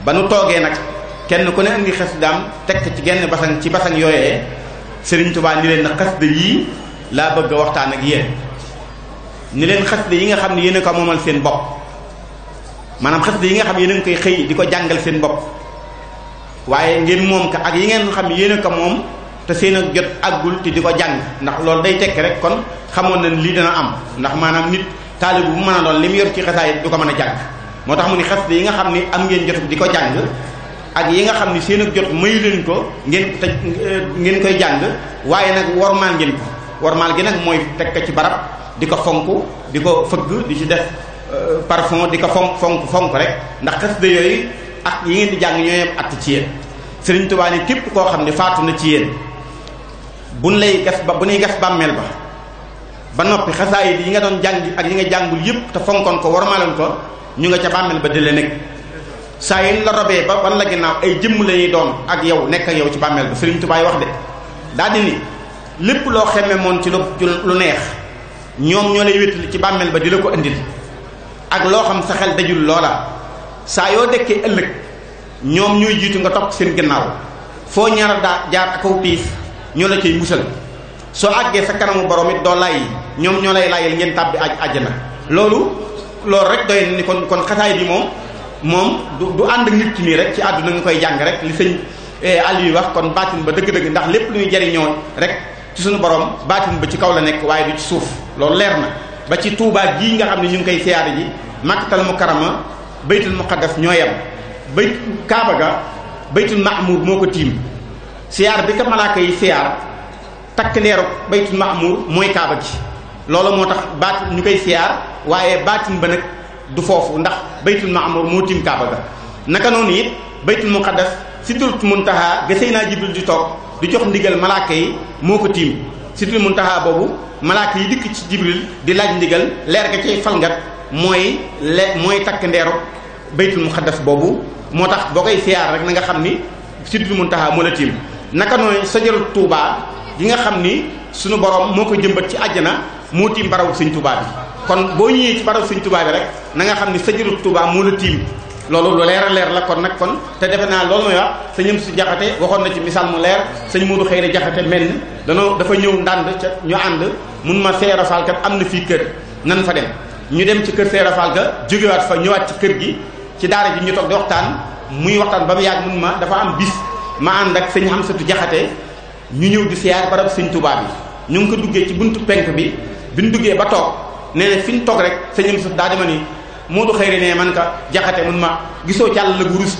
ba nu toogee nag kenn ku ne indi xasidaam teg ci genn basan ci basan yooyee sëriñ Touba ni leen na xasida yii laa bëgg waxtaan ak yéen ni leen xasida yi nga xam ne yéen a ko moomal seen bopp maanaam xasida yi nga xam yéen a koy xëy di ko jàngal seen bopp waaye ngeen moom ka ak yi ngeen xam yéen a moom te seen ak jot àggul te di ko jàng ndax loolu day tekki rek kon xamoon na lii dana am ndax maanaam nit taalib bu mën a doon li mu yor ci xasaayit du ko mën a jàng moo tax mu ni xasida yi nga xam ni am ngeen jot di ko jàng ak yi nga xam ni seen ak jot mayu leen ko ngeen te eh, ngeen koy jàng waaye nag wormaal ngeen ko wormaal gi nag mooy teg ko ci barab di ko fonk di ko fëgg di ci def eh, parfum di ko fonk fonk fonk rek ndax xasida yooyu ak yi ngeen di jàng ñooy am at ci yéen Sëriñ Tuubaa ni képp koo xam ne faatu na ci yéen bu lay gas ba bu nuy gas bàmmeel ba ba noppi xasaayid yi nga doon jàng ak yi nga jàngul yëpp te fonkoon ko warmaaloon ko ñu nga ca bàmmeel ba di la nekk saa yi la robee ba ban la ginnaaw ay jëmm la doon ak yow nekk ak yow ci bàmmeel ba Sëriñ Tuubaa wax de daal di ni lépp loo xeme moon ci lu lu neex ñoom ñoo lay wéttali ci bàmmeel ba di la ko indil ak loo xam sa xel dajul loola saa yoo dekkee ëllëg ñoom ñooy jiitu nga topp seen ginnaaw foo ñaar daa jaar ak ñoo la ciy musal soo àggee sa kanamu borom it doo lay ñoom ñoo lay layal ngeen tàbbi aj àjjana loolu loolu rek doy ni kon kon xataay bi moom moom du ànd nit ki nii rek ci àdduna ñu koy jàng rek li sëñ yuy eh, wax kon baatin ba dëgg-dëgg ndax lépp lu ñuy jariñoo rek ci sunu borom baatin ba ci kaw la nekk waaye du ci suuf loolu leer na ba ci Touba gii nga xam ne ñu ngi koy siyaare ji Makkatal Mukarrama baytul muqaddas ñoo yem bayt Kaaba ga baytul Mahmoud moo ko tiim siyaar bi ka malaaka yi siyaar takk leeru baytul mahmur mooy kaaba ji loolu moo tax baat ñu koy siyaar waaye baatin ba nag du foofu ndax baytul mahmur moo tiim kaaba ga naka noonu it baytul si sidratul muntaha ga sëy naa jibril di toog di jox ndigal malaaka yi moo ko tiim sidratul muntaha boobu malaaka yi dikk ci jibril di laaj ndigal leer ga cay falngat mooy le mooy takk ndeeru baytul muqaddas boobu moo tax boo koy siyaar rek na nga xam ni sidratul muntaha moo la tiim naka noonu sajaru tuubaa yi nga xam ni suñu borom moo ko jëmbat ci àjjana moo tiim barabu sëñ Touba bi kon boo ñëwee ci barabu sëñ Touba bi rek na nga xam ni sajaru Touba moo la tiim loolu lu leer a leer la kon nag kon te defe naa loolu mooy wax sëñam si jaxate waxoon na ci misaal mu leer sëñ Modou Xeyri jaxate mel ni danoo dafa ñëw ndànd ca ñu ànd mun ma seera faal am na fii kër nan fa dem ñu dem ci kër seera faal ga jógewaat fa ñëwaat ci kër gi ci daara ji ñu toog di waxtaan waxtaan ba mu yàgg mun ma dafa am bis ma ànd ak sëñ Amsatu Jaxate ñu ñëw di siyaar barab sëñ tubaab bi ñu ngi ko duggee ci buntu penk bi bi ñu duggee ba toog nee na fi ñu toog rek sëñ Amsatu daa ma ni moo du xëy ne man ka jaxate mun ma gisoo càll la gu rus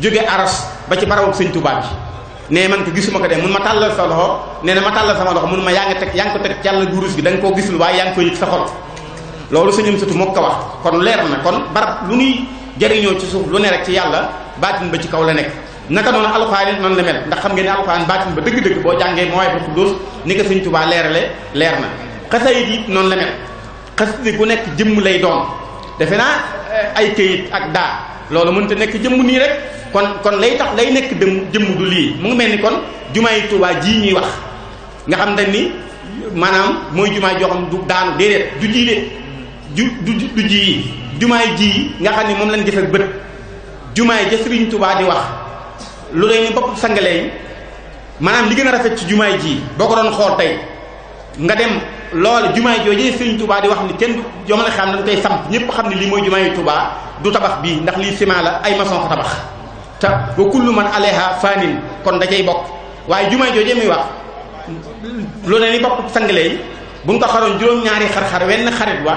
jóge aras ba ci barabu sëñ Tuubaa bi nee man ko gisuma ko dem mun ma tàllal sa loxo nee na ma tàllal sama loxo mun ma yaa ngi teg yaa ngi ko teg càll gu gi da koo gis gisul waaye yaa ngi ko yëg sa xol loolu sëñ Amsatu moo ko wax kon leer na kon barab lu nuy jariñoo ci suuf lu ne rek ci yàlla baatin ba ci kaw la nekk naka noonu alxuraan it noonu la mel ndax xam ngeen ne alxuraan baatin ba dëgg-dëgg boo jàngee mooy bu xudduus ni ko sëñ Tuubaa leerale leer na xasayit it noonu la mel xasidi ku nekk jëmm lay doon defe naa eh, ay këyit ak daa loolu mënut a nekk jëmm nii rek kon kon lay tax lay nekk dëmm jëmm du lii mu ngi mel ni kon jumaa jumaay Tuubaa jii ñuy wax nga xam dañ ni maanaam mooy jumaa joo xam du daanu déedéet du lii de du du ji yi jumaay ji yi nga xam ne moom lañ jëfee bët jumaay ja Sëriñ Tuubaa di wax lu day ni bopp sangaleeñ maanaam li gën a rafet ci jumaay jii boo ko doon xool tey nga dem loolu jumaay jooju Sëriñ Touba di wax ni kenn du yomal xam dañ koy samp ñëpp xam ne lii mooy jumaayu Touba du tabax bii ndax lii ciment la ay maçon ko tabax te wa kullu man alayha fanin kon da cay bokk waaye jumaay jooju muy wax lu ne ni bopp sangaleeñ bu ko xaroon juróom-ñaari xar-xar wenn xarit wa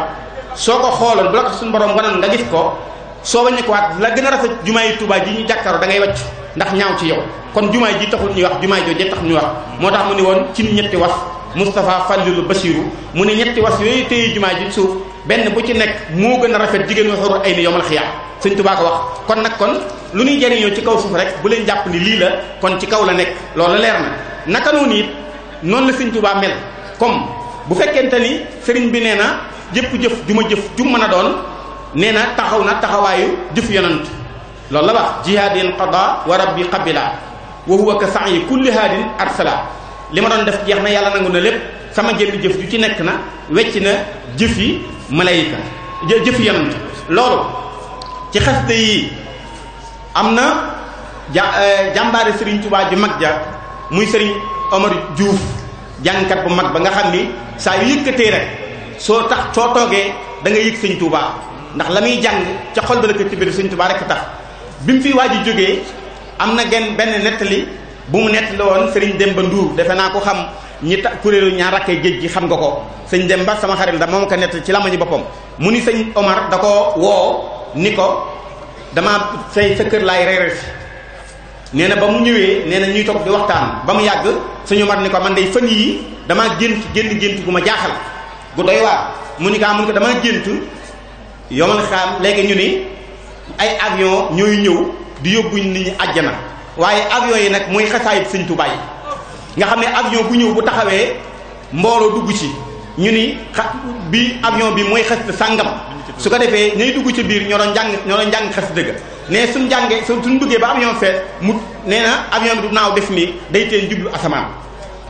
soo ko xooloon bu la ko suñu borom wanoon nga gis ko soo bañ ko waat la gën a rafet jumaa yi Touba ji ñu jàkkaaroo da ngay wàcc ndax ñaaw ci yow kon jumaa ji taxul ñuy wax jumaay jooju tax ñu wax moo tax mu ne woon ci ñetti was Moustapha Fallilu Basiru mu ne ñetti was yooyu téye jumaay ji suuf benn bu ci nekk moo gën a rafet jigéen ñi xorul ay ni yomal xiyaam sëñ Tuubaa ko wax kon nag kon lu ñuy jariñoo ci kaw suuf rek bu leen jàpp ni lii la kon ci kaw la nekk loolu leer na naka noonu it noonu la sëñ Tuubaa mel comme bu fekkente ni sëriñ bi nee na jëpp jëf ju ma jëf ju mën a doon nee na taxaw na taxawaayu jëf yonant loolu la wax jihaadi al qada wa rabbi qabila wa huwa ka sa'yi kulli haadin arsala li ma doon def jeex na yàlla nangu na lépp sama jëmmi jëf ju ci nekk na wecc na jëf yi malayka jëf yi yonent loolu ci xasida yi am na ja e, jàmbaare sëriñ Touba ju mag ja muy Serigne Omar Diouf jàngkat bu mag ba nga xam ni saa yu yëkkatee rek soo tax soo toogee dangay nga yëg Serigne Touba ndax la muy jàng ca xol ba la ko ci biir Serigne tax bi mu fi waa a jógee am na genn benn nettali bu mu nettali woon sëriñ dem ba Ndour defe naa ko xam ñi ta kuréelu ñaar rakkee géej gi xam nga ko sëñ Demba sama xarit la moom ko nettali ci lamañu boppam mu ni sëñ Omar da ko woo ni ko dama say sa kër laay reere si nee na ba mu ñëwee nee na ñuy toog di waxtaan ba mu yàgg sëñ Omar ni ko man day fan yii damaa gént génn gént gu ma jaaxal gu doy waar mu ni kaa ah, mun ko damaa gént yomal xaam léegi ñu ni ay avion ñooy ñëw di yóbbu nit ñi àjjana waaye avion yi nag mooy xasaayit sëñ Tuubaa yi nga xam ne avion bu ñëw bu taxawee mbooloo dugg ci ñu ni xa bi avion bi mooy xasida sàngam su ko defee ñay dugg ci biir ñoo doon jàng ñoo su jàng xasida ga ne suñ jàngee suñ duggee ba avion fees mu nee na avion bi du naaw def nii day teen jublu asamaan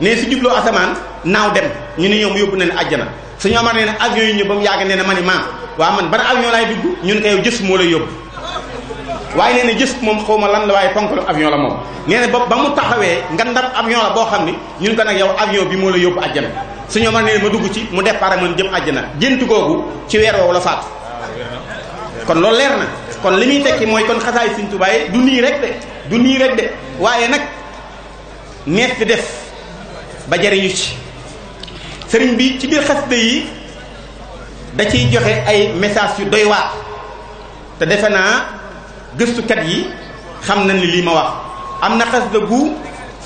ne su jubloo asamaan naaw dem ñu ni ñoom yóbbu nañ àjjana suñu amar nee na avion yu ñëw ba mu yàgg nee na ma ni ma waa man ban avion dugg ñun ko yow jës moo la yóbbu waaye nee na gis moom xaw ma lan la waaye ponk la avion la moom nee na ba mu taxawee nga ndam avion la boo xam ne ñun ko nag yow avion bi moo la yóbbu àjjana suñoo ma nee ma dugg ci mu départ man jëm àjjana gént googu ci weer woowu la faatu kon loolu leer na kon li muy tekki mooy kon xasaay Sëriñ Tuubaa yi du nii rek de du nii rek de waaye nag neef di def ba jariñu ci sëriñ bi ci biir xasida yi da ciy joxe ay message yu doy waar te defe naa gëstukat yi xam na ni lii ma wax am na xasida gu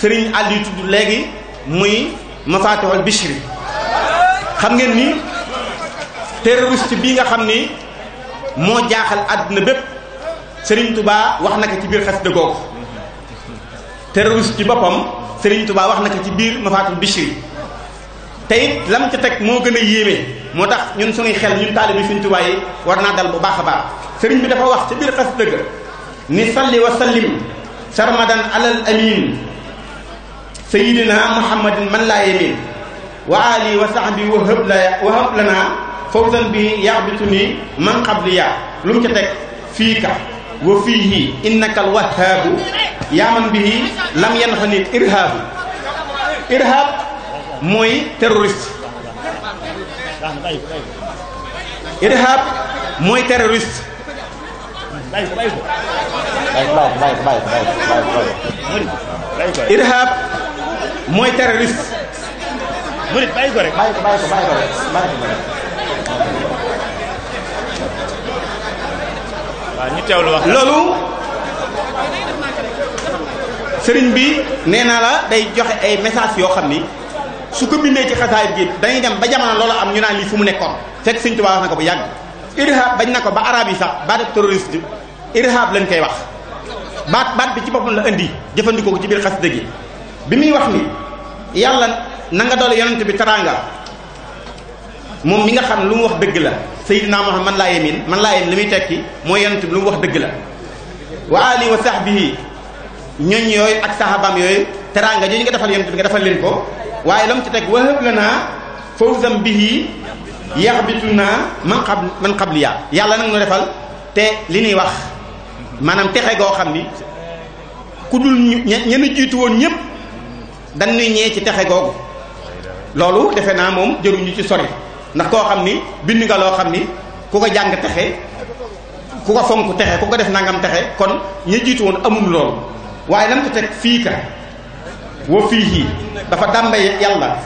sëriñ àll yu tudd léegi muy mafatihul bishri xam ngeen ni terroriste bii nga xam ni moo jaaxal àdduna bépp sëriñ tubaa wax na ko ci biir xasida googu terroriste ci boppam sëriñ tubaa wax na ko ci biir mafatihul bishri te it lam ca moo gën a yéeme moo tax ñun suñuy xel ñun taalibi Sëriñ Tuubaa yi war naa dal bu baax a baax sëriñ bi dafa wax ca biir xas dëgg ni salli wa sallim sarmadan alal amin sayidina muhammadin man laa yemin wa ali wa sahbi wa hëb wa hëb lana fawzan bi yahbitu ni man qabliya lu mu ca teg fii ka wa fiihi innaka alwahaabu yaaman bihi lam yanxa irhaabu irhaab mooy terroriste irhab mooy terroriste irhab mooy terroriste ko rek bàyyi ko bàyyi ko bàyyi ko rek bàyyi ko rek waaw ñu teewlu wax loolu sëriñ bi nee naa la day joxe ay message yoo xam ni su ko bindee ci xasaayit gi dañuy dem ba jamono loola am ñu naan lii fu mu nekkoon fekk Sëñ Tuubaa wax na ko bu yàgg irhab bañ na ko ba araab yi sax baat terroriste irhab lañ koy wax baat baat bi ci boppam la indi jëfandikoo ko ci biir xasida gi bi muy wax ni yàlla na nga doole yonent bi teraanga moom mi nga xam lu mu wax dëgg la naa Seydina man laa yemin man laa yemin li muy tekki mooy yonent bi lu mu wax dëgg la wa ali wa sahbihi ñooñ yooyu ak sahabaam yooyu teraanga jooju nga defal yonent bi nga defal leen ko waaye lam ci teg naa wahab lanaa fawzan bihi naa man xab man xabliya yàlla nag nu defal te li ñuy wax maanaam texe goo xam ni ku dul ñenu jiitu woon ñëpp dañ nuy ñee ci texe googu loolu defe naa moom jëru ci sori ndax koo xam ni bind nga loo xam ni ku ko jàng texe ku ko fonk texe ku ko def nangam texe kon ña jiitu woon amul loolu waaye lam ko teg fii ka wa fiihi dafa dàmbee yàlla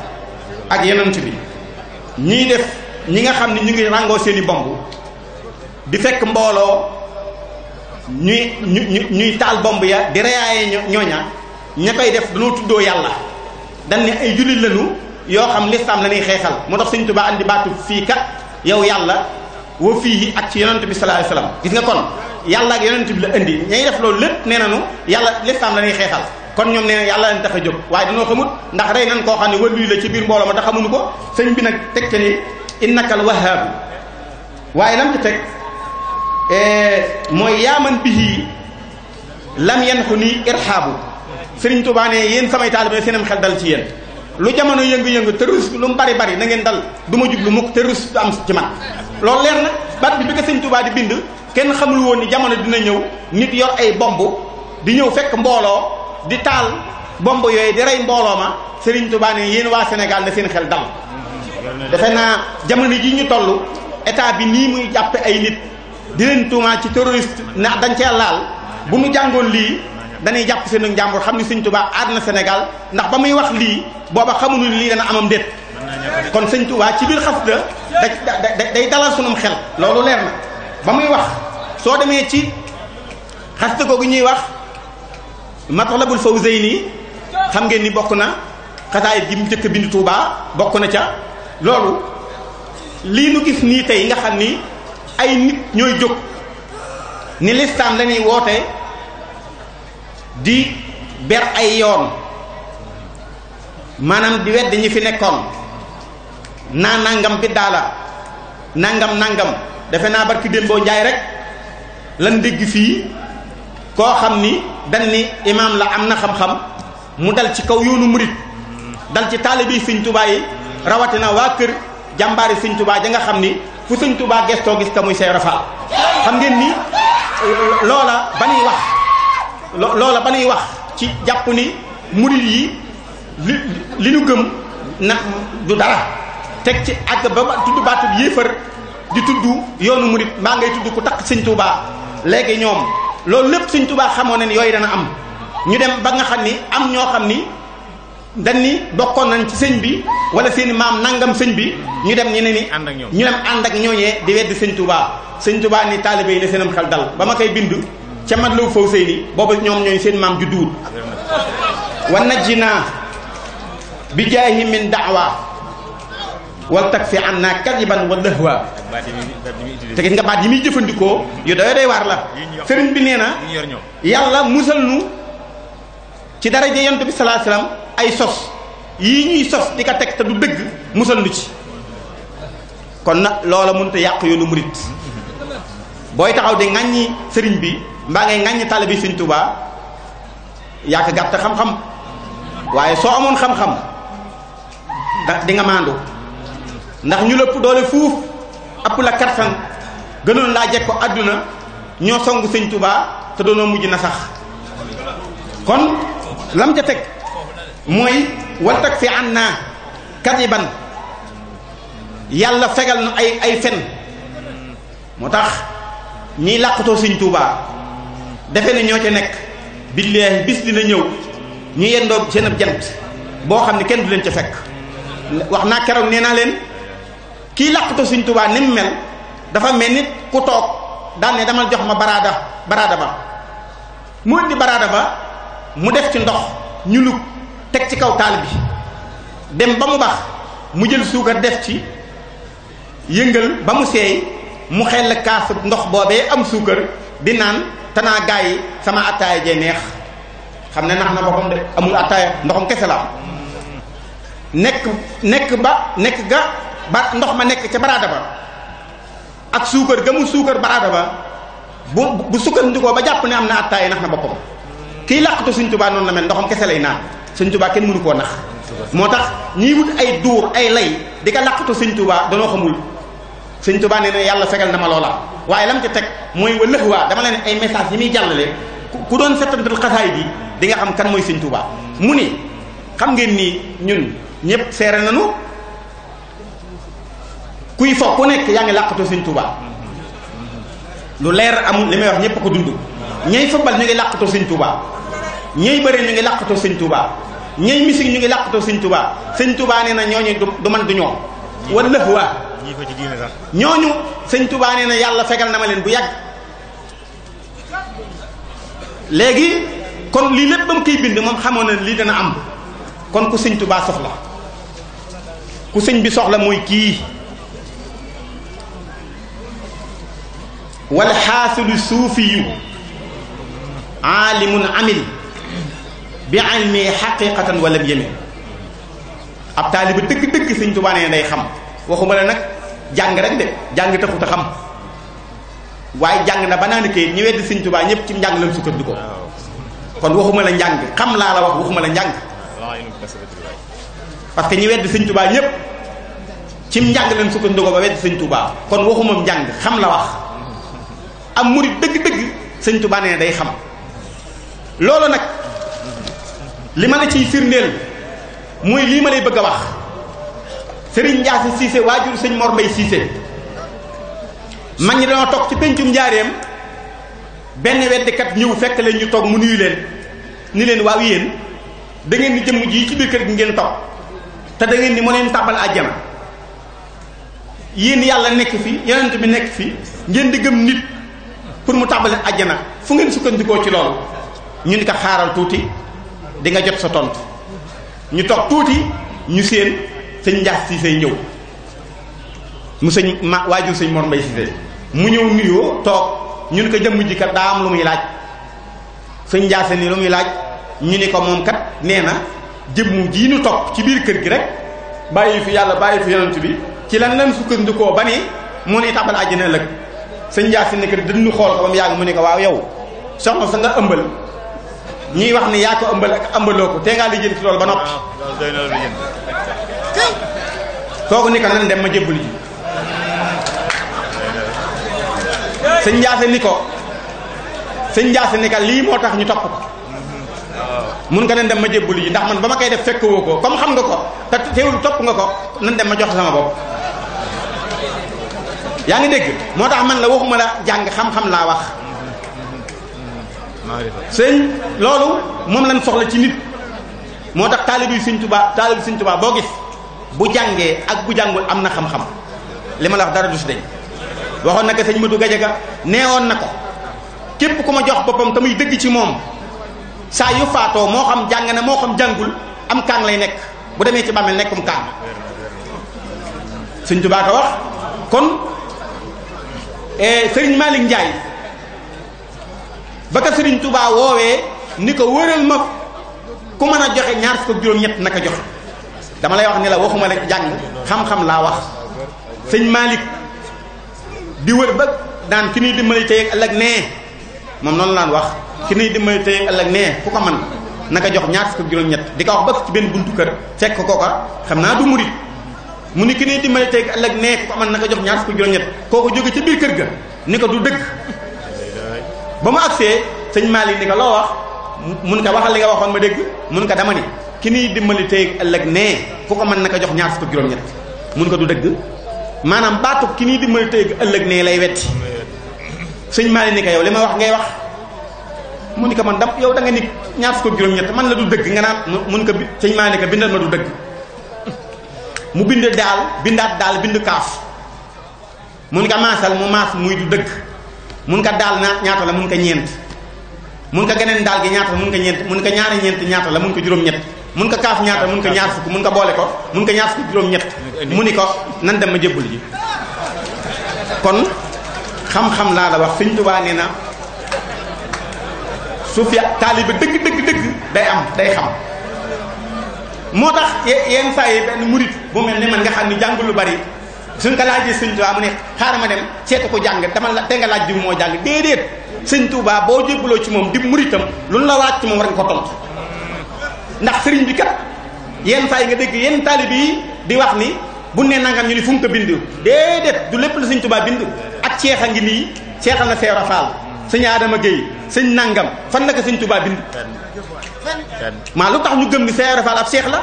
ak yonent bi ñuy def ñi nga xam ne ñu ngi ràngoo seen i bomb di fekk mbooloo ñuy ñu ñuy taal bomb ya di reyaaye ñooña ña koy def dañoo tuddoo yàlla dañ ni ay jullit lañu yoo xam lislaam la ñuy xeexal moo tax Sëñ Tuubaa indi baatu fii kat yow yàlla wa fii ak ci yonent bi sallallahu alayhi wasallam gis nga kon yàlla ak yonent bi la indi ñay def loolu lépp nee nañu yàlla lislaam la ñuy xeexal kon ñoom nee na yàlla leen tax a jóg waaye dañoo xamut ndax rey nan koo xam ne wëlluy la ci biir mbooloo ma te xamuñu ko sëñ bi nag teg ca ni innaka al wahhab waaye lam ci teg eh, mooy yaaman bihi lam yanxu nii irhaabu sëriñ Tuubaa ne yéen samay taalibe seenam xel dal ci yéen lu jamono yëngu-yëngu te rus lu mu bari bari na ngeen dal du ma jublu mukk te du am ci man lool leer na baat bi bi ko sëñ Tuubaa di bind kenn xamul woon ni jamono dina ñëw nit yor ay bomb di ñëw fekk mbooloo di taal bomb yooyu di rey mbooloo ma Serigne Touba ne yéen waa Sénégal na seen xel dal defe naa jamono ji ñu toll état bi nii muy jàppe ay nit di leen tuumaal ci terroriste na dañ cee laal bu nu jàngoon lii dañuy jàpp seen njàmbur xam ni Sëñ Tuubaa aar na Sénégal ndax ba muy wax lii booba xamuñu lii dana amam déet kon Sëñ Tuubaa ci biir xasida day dalal sunum xel loolu leer na ba muy wax soo demee ci xasida googu ñuy wax matlabul fawzayni xam ngeen ni bokk na xasaayit gi mu njëkk bind tuubaa bokk na ca loolu lii nu gis nii tey nga xam ni ay nit ñooy jóg ni lislaam lañuy woote di ber ay yoon maanaam di wedd ñi fi nekkoon naa nangam bi daala nangam nangam defe naa barki démboo njaay rek lan dégg fii koo xam ni dañ ni imaam la am na xam-xam mu dal ci kaw yoonu murit dal ci taalibi sëñ tubaa rawatina waa kër jàmbaari sëñ tubaa ja nga xam ni fu sëñ tubaa gestoo gis ka muy say rafaal xam ngeen ni loola ba nuy wax loola ba nuy wax ci jàpp ni murit yi li li ñu gëm na du dara teg ci àgg ba tudd baatub yéefar di tudd yoonu murit maa ngay tudd ku takk sëñ tubaa léegi ñoom loolu lépp suñ tubaa xamoon ne ni yooyu dana am ñu dem ba nga xam ni am ñoo xam ni dañ ni bokkoon nañ ci sëñ bi wala seeni maam nangam sëñ bi ñu dem ñu ne ànd ak ñoom ñu dem ànd ak ñooñee di weddi sëñ tubaa sëñ tubaa ni taalibe yi ne seenam xel dal ba ma koy bind ca mat lawu faw sëy ni booba ñoom ñooy seen maam judduwut wa najjinaa bi jaahi min da'wa wal tag fi an naa ban wa lëhwa te gis nga baat yi muy jëfandikoo yu doy doy waar la sëriñ bi nee na yàlla musal nu ci daraje yonent bi salaa salaam ay sos yii ñuy sos di ko teg te du dëgg musal nu ci kon nag loola mënut a yàq yoonu murit booy taxaw di ñi sëriñ bi mbaa ngay ŋàññi taalibe Sëriñ Tuubaa yàq gàtt xam-xam waaye soo amoon xam-xam da di maandu ndax ñu lëpp doole fuuf ëpp la kartan gënoon laa jeg ko àdduna ñoo song sëñ tubaa te doonoo mujj na sax kon lam ca teg mooy wal fi an naa ban yàlla fegal na ay ay fen moo tax ñiy làqutoo sëñ tubaa defe ne ñoo ca nekk billaahi bis dina ñëw ñu yendoo seen ab jant boo xam ne kenn du leen ca fekk wax naa keroog nee naa leen kii làqutoo suñ tubaa ni mu mel dafa mel nit ku toog daan ne dama jox ma baraada baraada ba mu indi baraada ba mu def ci ndox ñu lug teg ci kaw taal bi dem ba mu bax mu jël suukar def ci yëngal ba mu seey mu xel kaasu ndox boobee am suukar di naan tanaa gaa yi sama attaaya jee neex xam ne nax na boppam de amul attaaya ndoxum kese la nekk nekk ba nekk ga ba ndox ma nekk ca baraada ba ak suukar ga mu suukar baraada ba bu bu sukkandikoo ba jàpp ne am na attaay nax na boppam kiy làqatu Sëñ Tuubaa noonu la mel ndoxam kese lay naan Sëñ Tuubaa kenn mënu koo nax moo tax ñiy wut ay duur ay lay di ko làqatu Sëñ Tuubaa danoo xamul Sëñ Tuubaa nee na yàlla fegal na ma loola waaye lam ci teg mooy wa lëx waa dama leen ay message yi muy jàllale ku doon settantal xasaay bi di nga xam kan mooy Sëñ Tuubaa mu ni xam ngeen ni ñun ñëpp seere nañu kuy fo ku nekk yaa ngi làqatu sëñ Touba lu leer amul li may wax ñëpp ko dund ñay football ñu ngi làqatu sëñ Touba ñay bëri ñu ngi làqatu sëñ Touba ñay musique ngi làqatu sëñ Touba sëñ Touba nee na ñooñu du man du ñoom wala waa ñooñu sëñ Touba nee na yàlla fegal na ma leen bu yàgg léegi kon lii léppam ba mu bind moom xamoon na lii dana am kon ku sëñ Touba soxla ku sëñ bi soxla mooy kii wala xaasilu suufiyu aalimun amil bi almi xaqiqatan wala bi yemin ab taaliba dëgg-dëgg sëñ Tuubaa nee day xam waxuma la nag jàng rek de jàng taxut a xam waaye jàng na ba banaan kayit ñi weddi sëñ Tuubaa ñëpp ci njàng lañ sukkandiku kon waxuma la njàng xam la wax waxuma la njàng parce que ñi weddi sëñ Tuubaa ñëpp ci njàng lañ sukkandiku ba weddi sëñ Tuubaa kon waxuma jàng xam la wax am murit dëgg-dëgg sëñ Tuubaa day xam loolu nag li ma la ciy firndeel mooy lii ma lay bëgg a wax sëriñ Ndiass Cissé waajur sëñ Mor Mbaye Cissé mag ñi dañoo toog ci pencum njaareem benn weddikat ñëw fekk leen ñu toog mu nuyu leen ni leen waaw yéen da ngeen ni jëmm ji ci biir kër gi ngeen toog te da ngeen ni mu leen tàbbal àjjana yéen yàlla nekk fi yonent bi nekk fi ngeen di gëm nit pour mu tàbbaleen àjjana fu ngeen sukkandikoo ci loolu ñu ni ko xaaral tuuti dinga jot sa tont ñu toog tuuti ñu séen sëñ Njaas say ñëw mu sëñ ma waajur sëñ Mor Mbay Siise mu ñëw nuyoo toog ñu ni ko jëmm ji kat daa am lu muy laaj sëñ Njaase ni lu muy laaj ñu ni ko moom kat nee na jëmm ji ñu toog ci biir kër gi rek bàyyi fi yàlla bàyyi fi yonent bi ci lan lan sukkandikoo ba ni mu ni tàbbal àjjana ëllëg sëñ Yaasin ne que dañu xool ko ba mu mu ne ko waaw yow soxna sa nga ëmbal ñuy wax ne yaa ko ëmbal ak ëmbaloo ko tee ngaa lijjanti loolu ba noppi. Ah, kooku ni ko nan dem ma jébbal ji. sëñ Yaasin ni ko sëñ tax ñu topp ko. Ah. mun ma jébbal ji ndax man ba ma koy def fekk woo ko comme xam nga ko te teewul topp nga ko nan dem ma jox sama bopp. yaa ngi dégg moo tax man la waxuma la jàng xam-xam laa wax sëñ loolu moom lañ soxla ci nit moo tax taalibi sëñ Tuubaa taalibi sëñ tubaa boo gis bu jàngee ak bu jàngul am na xam-xam li ma la wax dara du si dañ waxoon na ko sëñ Madu Gajaga neewoon na ko képp ku ma jox boppam te muy dëgg ci moom saa yu faatoo moo xam jàng na moo xam jàngul am kaan lay nekk bu demee ci bàmmeel nekkum kaan sëñ Tuubaa ko wax kon Eh, Serigne maalik Ndiaye ba ka Serigne Touba woowee ni ko wëral ma ku mën a joxe ñaar fukk juróom-ñett naka joxe dama lay wax ni la waxuma la jàng xam-xam laa wax sëñ Malick di wër ba daan ki nuy dimbali tey ak ëllëg nee moom noonu laan wax ki nuy dimbali tey ak ëllëg nee ku ko man naka jox ñaar fukk juróom-ñett di ko wax ba ci benn buntu kër fekk kooka xam naa du murit mu ni ki ne dimbale tey ëllëg nee ko amal na ko jox ñaar fukk juróom-ñett ko jóge ca biir kër ga ni ko du dëgg ba mu agsee sëñ Malick ni ko loo wax mun ko waxal li nga ma dégg mun ko dama ni ki ni dimbali tey ëllëg nee ku ko mën na ko jox ñaar fukk juróom-ñett mun ko du dëgg maanaam baatu ki ni dimbali tey ëllëg nee lay wetti sëñ Malick ni ko yow li ma wax ngay wax mu ni ko man dam yow da nga ni ñaar fukk juróom-ñett man la du dëgg nga naan mun ko sëñ Malick ni ko bindal ma du dëgg mu bind daal bindaat daal bind kaaf mun ko maasal mu maas muy du dëgg mun ko daal na ñaata la mun ko ñeent mun ko geneen daal gi ñaata la mun ko ñeent mun ko ñaari ñeent ñaata la mun ko mun ko kaaf mun ko ñaar fukk mun ko boole mun ko ñaar fukk juróom-ñett mu ni ko nan dem ma jébbul ji kon xam-xam laa la wax Sëñ Tuubaa nee na su fi taalibe dëgg dëgg dëgg day am day xam moo tax yenn saa yi benn murit bu mel ne man nga xam ni jàngul lu bari suñ ko laajee sëñ Tuubaa mu ne xaaral ma dem seet ko jàng dama la te nga laaj moo jàng déedéet sëñ tubaa boo jébbaloo ci moom di muritam lu nu la laaj ci moom war nga ko tontu ndax sëriñ bi kat yenn saa yi nga dégg yenn taalibe yi di wax ni bu ne nangam ñu ni fu mu ko bind déedéet du lépp la sëñ tubaa bind ak ceexa ngi nii ceexal na Seera Faal sëñ Adama Gueye sëñ nangam fan na sëñ Tuubaa bind maa lu tax ñu gëm ni Seex Ibra ab seex la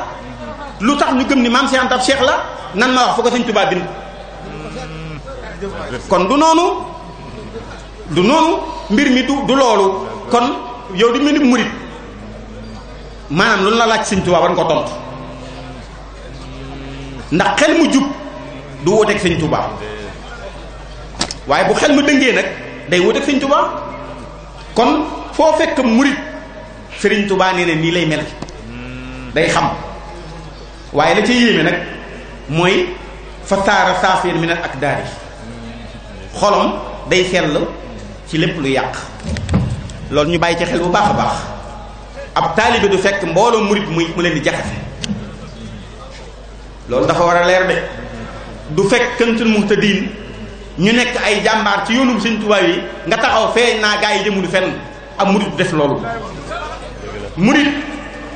lu tax ñu gëm ni maam Seex Anta ab seex la nan ma wax fu ko Sëñ Tuubaa bind kon du noonu du noonu mbir mi du du loolu kon yow di mel ni murit maanaam lu la laaj Sëñ Tuubaa war nga ko tontu ndax xel mu jub du wuteeg Sëñ Tuubaa waaye bu xel mu dëngee nag day wuteeg Sëñ Tuubaa kon foo fekk murit sëriñ Touba nee na nii lay mel day xam waaye la ca yéeme nag mooy fa saara saafir mi nag ak daari xolom day sell ci lépp lu yàq loolu ñu bàyyi ci xel bu baax a baax ab taalibe du fekk mbooloo murit muy mu leen di jaxase loolu dafa war a leer de du fekk kantul muhtadin ñu nekk ay jàmbaar ci yoonu Sëñ Tuubaa yi nga taxaw feeñ naa gaa yi jëmul fenn ab murit du def loolu murit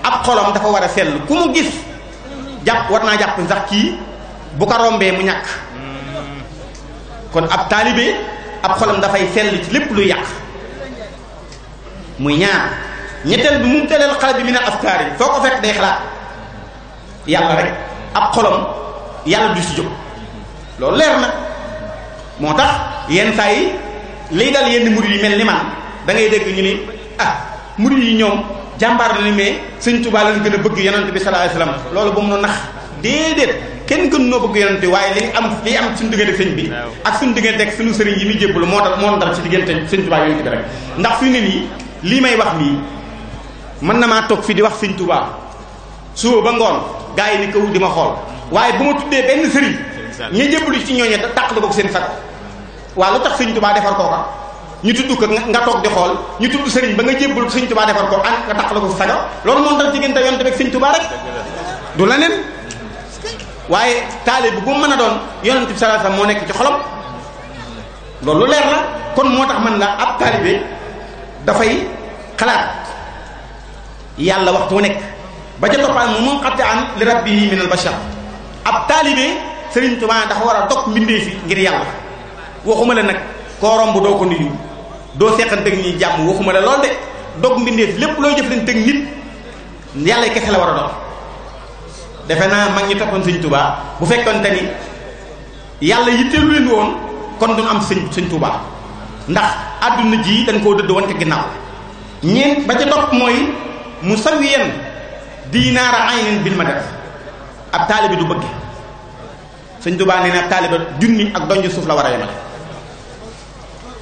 ab xolam dafa war a sell ku mu gis jàpp war naa jàpp sax kii bu ko rombee mu ñàkk kon ab taalibe ab xolam dafay sell ci lépp luy yàq muy ñaar ñetteel bi mu teleel xale bi min al afkaar yi foo ko fekk day xalaat yàlla rek ab xolam yàlla du si jóg loolu leer na moo tax yenn saa yi liy dal yenn murid yi mel ni man dangay ngay dégg ñu ni ah murid yi ñoom jàmbaar la ni mais sëñ Tuubaa lañ gën a bëgg yonent bi sallallahu alayhi wasallam loolu ba mu nax déedéet kenn gën noo bëgg yonent waaye li am li am suñu diggante sëñ bi ak suñu diggante ak suñu sëriñ yi muy jébbalu moo tax moo ndam ci diggante sëñ Tuubaa yonent bi rek ndax fi ne nii lii may wax nii mën na maa toog fi di wax sëñ Tuubaa suba ba ngoon gaa yi ni kaw di ma xool waaye bu ma tuddee benn sëriñ ña jébbalu ci ñooñe tàq la ko seen sag waaw lu tax sëñ Tuubaa defar kooka ñu tudd ko nga toog di xool ñu tudd sëriñ ba nga jébbal sëñ tubaa defar ko an nga taq la ko saga loolu moom tax diggante yonte rek sëñ tubaa rek du leneen waaye taalib bu mën a doon yonent bi sallallahu alayhi wasallam moo nekk kon moo tax man la ab taalibe dafay xalaat yàlla waxtu nekk ba ca toppaan mu mun xatte an li rabbihi min al ab taalibe Sëriñ Tuubaa dafa war a dog mbindee fi ngir yàlla waxuma la nag koo romb doo ko nuyu doo seqanteeg ñuy jàmm waxuma la lool de dog mbindeef lépp looy jëflanteeg nit yàlla kese la war a dox defe naa mag ñi toppoon sëñ tubaa bu fekkonte ni yàlla yitteelu leen woon kon duñ am sëñ sëñ tubaa ndax àdduna ji dañ koo dëdd woon ginnaaw ñeent ba ca topp mooy mu sawi yen diinaara aynin bil ma def ab taalibe du bëgg sëñ tubaa nee na ab taalibe junni ak donj suuf la war a yemale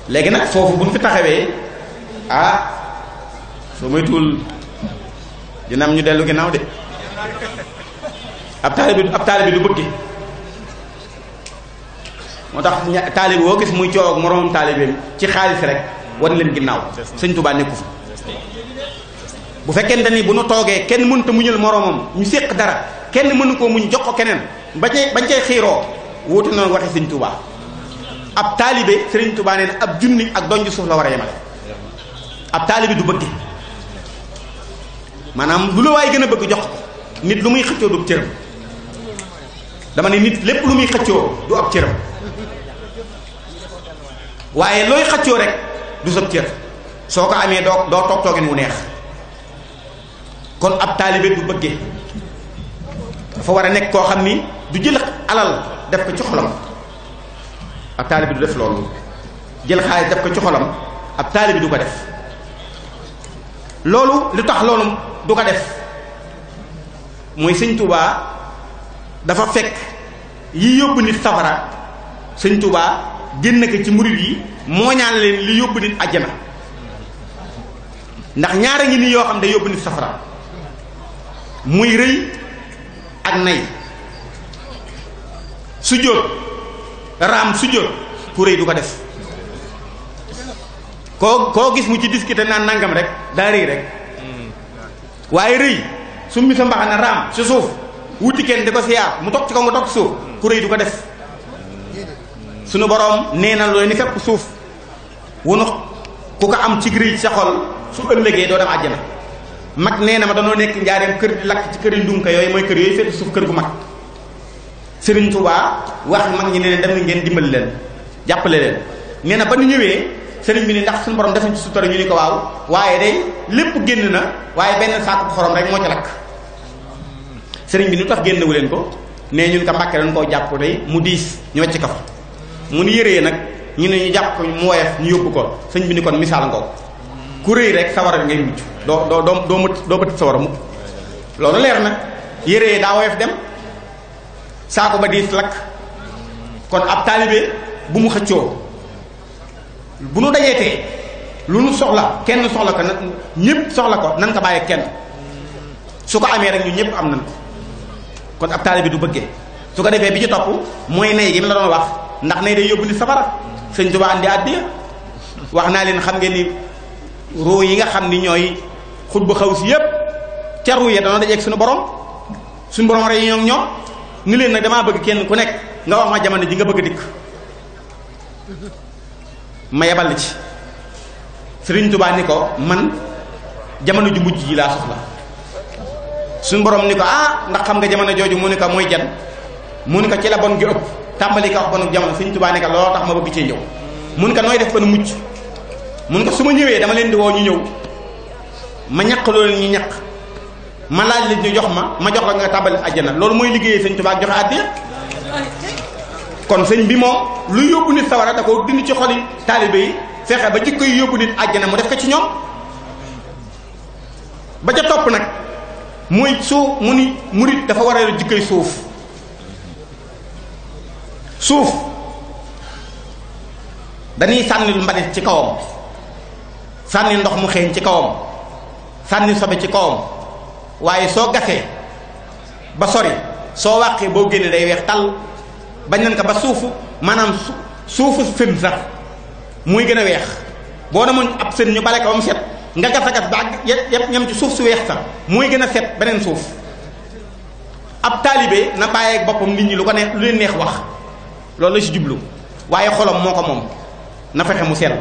léegi nag foofu bu ñu fi taxawee ah soo moytuwul dina am ñu dellu ginnaaw de ab taalibi ab taalibi du bëgge moo tax taalibi woo gis muy coow ak moroomam taalibeem ci xaalis rek wan leen ginnaaw sëñ Tuubaa nekku fa bu fekkente ni bu nu toogee kenn mënta muñal moroomam ñu séq dara kenn mënu koo muñ jox ko keneen ba cay bañ cay xiiroo wuute noonu waxe sëñ Tuubaa ab taalibe Serigne Touba na ab junni ak donj suuf la war a yemale ab taalibe du bëgg maanaam lu la waay gën a bëgg jox ko nit lu muy xëccoo du ab cëram dama ne nit lépp lu muy xëccoo du ab waaye looy xëccoo rek du sab cër soo ko amee doo doo toog toogin wu neex kon ab taalibe du bëggee dafa war a nekk koo xam ni du jël alal def ko ci xolam. ab taalibi du def loolu jël xaalis def ko ci xolam ab taalibi du ko def loolu lu tax loolu du ko def mooy sëñ tubaa dafa fekk yi yóbbu nit safara sëñ tubaa génn ko ci murit yi moo leen li yóbbu nit àjjana ndax ñaara ngi nii yoo xam ne yóbbu nit safara muy rëy ak nay su raam sujjóot ku rëy du ko def koo koo gis mu ci discuter naan nangam rek daa rëy rek waaye rëy summi sa mbaxana raam ci suuf wuti kenn di ko siyaar mu toog ci kaw nga toog ci suuf ku rëy du ko def sunu boroom nee na looy ni fépp suuf wunu ku ko am ci rëy sa xol su ëllëgee doo dem àjjana mag nee na ma danoo nekk njaareem kër di lakk ci kër yu ndunka yooyu mooy kër yooyu fekk suuf kër gu mag Serigne Touba wax mag ñi ne leen dem ngeen dimbali leen jàppale leen nee na ba nu ñëwee sëriñ bi ne ndax suñu borom def nañ ci ñu ni ko waaw waaye day lépp génn na waaye benn saako xorom rek moo ci lakk sëriñ bi nu tax génn wu leen ko ne ñun ko Mbàkke dañ koo jàpp day mu diis ñu wecc ka fa mu yëre yëree nag ñu ne ñu jàpp ko mu woyof ñu yóbbu ko sëñ bi ni kon misaal ngoo ku rëy rek sawara ngay mucc doo doo doo doo mët doo bëtt sawara mukk loolu leer na yëree daa woyof dem. saako ba diis lakk kon ab taalibe bu mu xëccoo bu nu dajeetee lu nu soxla kenn soxla ko na ñëpp soxla ko nan ko bàyyee kenn su ko amee rek ñu ñëpp am nan ko kon ab taalibe du bëggee su ko defee bi ci topp mooy nay gi mu la doon wax ndax nay day yóbbu ni safara sëñ Tuubaa andi àddiya wax naa leen xam ngeen ni yi nga xam ni ñooy bu xaw si yépp ca ruu ya dana dajeeg suñu borom suñu borom rek ñoom ñoom ni leen nag damaa bëgg kenn ku nekk nga wax ma jamono ji nga bëgg dikk ma yebal la ci Sëriñ Tuubaa ni ko man jamono ju mujj ji laa soxla suñu borom ni ko ah ndax xam nga jamono jooju mu ni ko mooy jan mu ni ko ci la bon gi ëpp tàmbali ko wax bonu jamono Sëriñ Tuubaa ni ko looloo tax ma bëgg cee ñëw mu ni ko nooy def ba nu mu ni ko su ma ñëwee dama leen di woo ñu ñëw ma ñaq loolu ñu ñaq ma laaj la ñu jox ma ma jox la nga tàbbali àjjana loolu mooy liggéeyee sañ Tuubaa ak joxe àddiya kon sëñ bi moom lu yóbbu nit sawara da koo dindi ci xoli taalibe yi fexe ba jikko yi yóbbu nit àjjana mu def ko ci ñoom ba ca topp nag mooy soo mu ni murit dafa war a jikkoy suuf suuf dañuy sànni mbalit ci kawam sànni ndox mu xeeñ ci kawam sànni sobe ci kawam waaye soo gasee ba sori soo wàqee boo génnee day weex tàll bañ nañ ko ba suufu maanaam suufu fim sax muy gën a weex boo ne demoon ab sën ñu bale ko ba mu set nga gas a gas ba ak yëpp ñam ci suuf su weex sax muy gën a set beneen suuf ab taalibe na bàyyeeg boppam nit ñi lu ko neex lu leen neex wax loolu la si jublu waaye xolam moo ko moom na fexe mu sell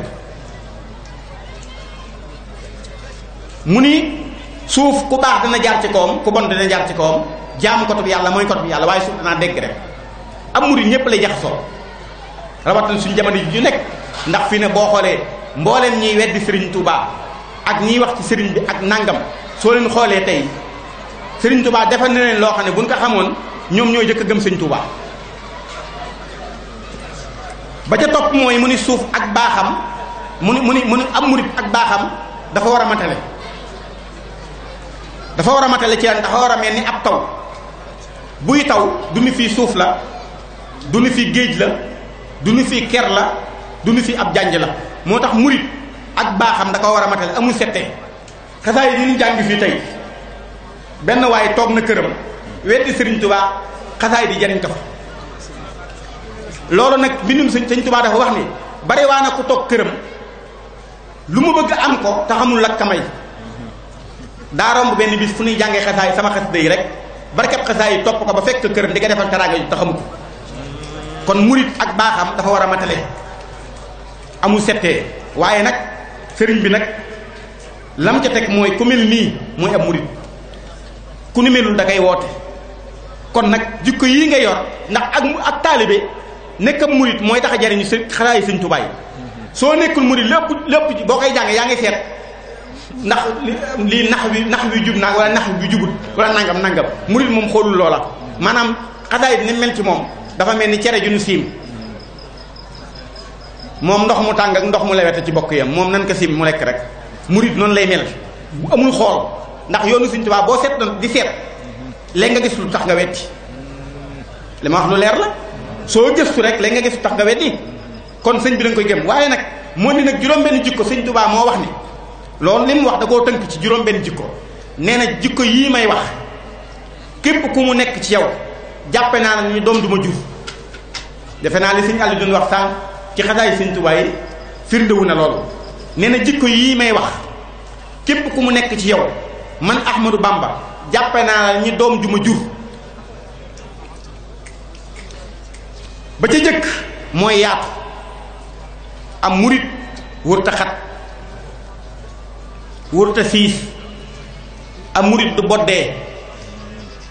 mu ni suuf ku baax dana jaar ci kawam ku bon dana jaar ci kawam jaamu kotub yàlla mooy kotub yàlla waaye suuf danaa dégg rek am murid ñëpp lay jaxasoo rawatina suñu jamono ji ñu nekk ndax fi ne boo xoolee mbooleen mbooleem ñiy di sëriñ Touba ak ñii wax ci sëriñ bi ak nangam soo leen xoolee tey sëriñ Touba defal na leen loo xam ne buñ ko xamoon ñoom ñoo jëkk a gëm Serigne Touba. ba ca topp mooy mu ni suuf ak baaxam mu ni mu ni mu ni am murid ak baaxam dafa war a matale. dafa war a matale ci ceen dafa war a mel ni ab taw buy taw du ni fii suuf la du ni fii géej la du ni fii ker la du ni fii ab jànj la moo tax murit ak baaxam da war a matale amul settee xasaay yi ñu jàng fii tey benn waaye toog na këram weddi sëriñ tubaa xasaay di jariñ ko fa loolu nag mbindum sëriñ tubaa dafa wax ni bari waa na ku toog këram lu mu bëgg am ko te xamul lakkamay daa romb benn bis fu nuy jàngee xasaay sama xasida yi rek barkeb xasaay yi topp ko ba fekk këram di ko defal teraanga yu taxamu ko kon murit ak baaxam dafa war a matale amul settee waaye nag sëriñ bi nag lam ca teg mooy ku mel nii mooy ab murit ku nu melul da koy woote kon nag jikko yii nga yor ndax ak mu ak taalibe nekk ab murit mooy tax jariñu së xalaayi sëñ tubaay soo nekkul murit lépp lépp boo koy jàng yaa ngi seet ndax lii nax wi nax wi jub naag wala nax wi jubut wala nangam nangam murit moom xoolul loola maanaam xasaayit ni mel ci moom dafa mel ni cere ju nu siim moom ndox mu tàng ndox mu lewete ci bokk yam moom nan ko siim mu lekk rek murit noonu lay mel mu amul xool ndax yoonu Sëriñ Tuubaa boo seet di seet léegi nga gis lu tax nga wetti li ma wax lu leer la soo gëstu rek léegi nga gis lu tax nga wetti kon sëñ bi lañ koy gëm waaye nag moo ni nag juróom benn jikko moo wax ni loolu li mu wax da koo tënk ci juróom-benn jikko nee na jikko yii may wax képp ku mu nekk ci yow jàppe naa ne ni doom du ma jur defe naa li sëñ Aliou doon wax sànq ci xasaay sëñ Tuubaa yi na loolu nee na jikko yii may wax képp ku mu nekk ci yow man Ahmadou Bamba jàppe naa la ni doom ju ma jur ba ca jëkk mooy yaatu am murit wër wurta siis am murit du boddee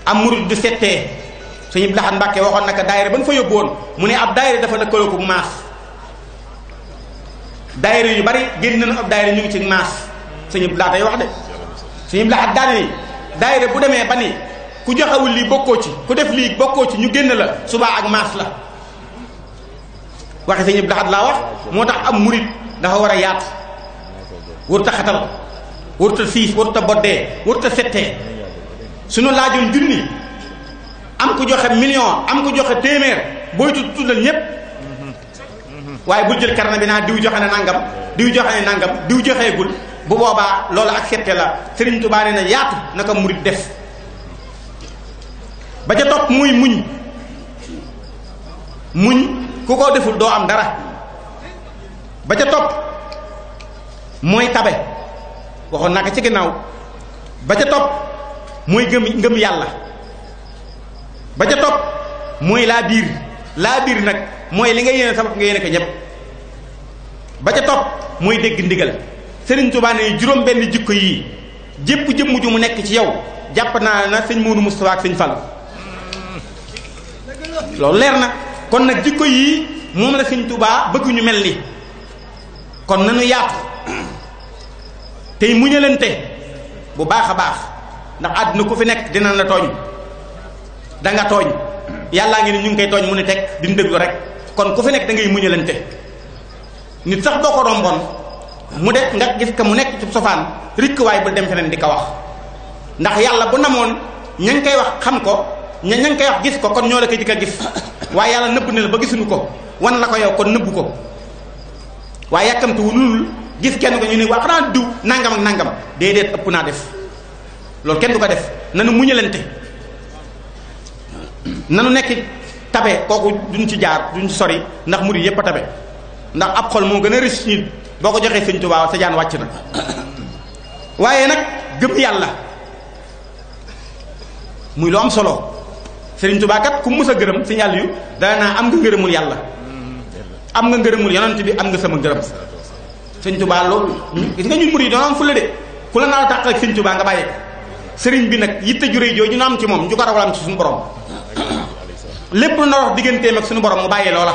am murit du settee suñu Abdul Mbàkke waxoon naka daayira ba nga fa yóbbuwoon mu ne ab daayira dafa lëkkaloo ko maas daayira yu bari génn nañu ab daayira ñu ngi ci maas suñu Abdul day wax de suñu Abdul daane ni daayira bu demee ba ni ku joxewul lii bokkoo ci ku def lii bokkoo ci ñu génn la subaa ak maas la waxe suñu Abdul laa wax moo tax am murit dafa war a yaatu wurta xatal warut a siis warut a boddee warut a settee suñu junni am ku joxe million am ku joxe téeméer booy tudd tuddal ñépp waaye bul jël karna bi naa diw joxe na nangam diw joxe nangam diw joxeegul bu boobaa loolu ak sette la Sëriñ Tuubaa nee na yaatu naka murit def ba ca topp muy muñ muñ ku ko deful doo am dara ba ca topp mooy tabe waxoon naa ci ginnaaw ba ca topp mooy gëm ngëm yàlla ba ca topp mooy laa biir laa biir nag mooy li nga yéene sabab nga yéene ko ñëpp ba ca topp mooy dégg ndigal Sëriñ Tuubaa ne juróom benn jikko yii jépp jëmm ju mu nekk ci yow jàpp naa na sëñ Moodu Mustafaa ak sëñ loolu leer na kon nag jikko yii moom la sëñ Tuubaa bëgg mel ni kon nanu yaatu tey muñalante bu baax a baax ndax àdduna ku fi nekk dina la tooñ da nga tooñ yàllaa ngi ne ñu ngi koy tooñ mu ne teg di déglu rek kon ku fi nekk da ngay muñalante nit sax boo ko romboon mu def nga gis ko mu nekk ci sofaan rikkuwaay bu dem feneen di ko wax ndax yàlla bu namoon ña ngi koy wax xam ko ña ña koy wax gis ko kon ñoo la koy jëkk a gis waaye yàlla nëbb na la ba gisuñu ko wan la ko yow kon nëbbu ko waaye yàkkamte wu nunul gis kenn ko ñu ne waa xanaa diw nangam ak nangam déedéet ëpp naa def loolu kenn du ko def nanu muñalante nanu nekk tabe kooku duñ ci jaar duñ sori ndax murid yépp a tabe ndax ab xol moo gën a riche nit boo ko joxee sëñ Tuubaa sa jaan wàcc na waaye nag gëm yàlla muy lu am solo sëñ Tuubaa kat ku mus a gërëm sëñ yàlla yu dana naa am nga ngërëmul yàlla am nga ngërëmul yonent bi am nga sama ngërëm sëñ tubaa loolu gis nga ñun murid doon am fulla de ku la naa tàq ak sëñ tubaa nga bàyyi ko sëriñ bi nag yitte ju rëy jooju ñu am ci moom ju ko rawal am ci suñu borom lépp lu na dox digganteem ak suñu borom mu bàyyi loola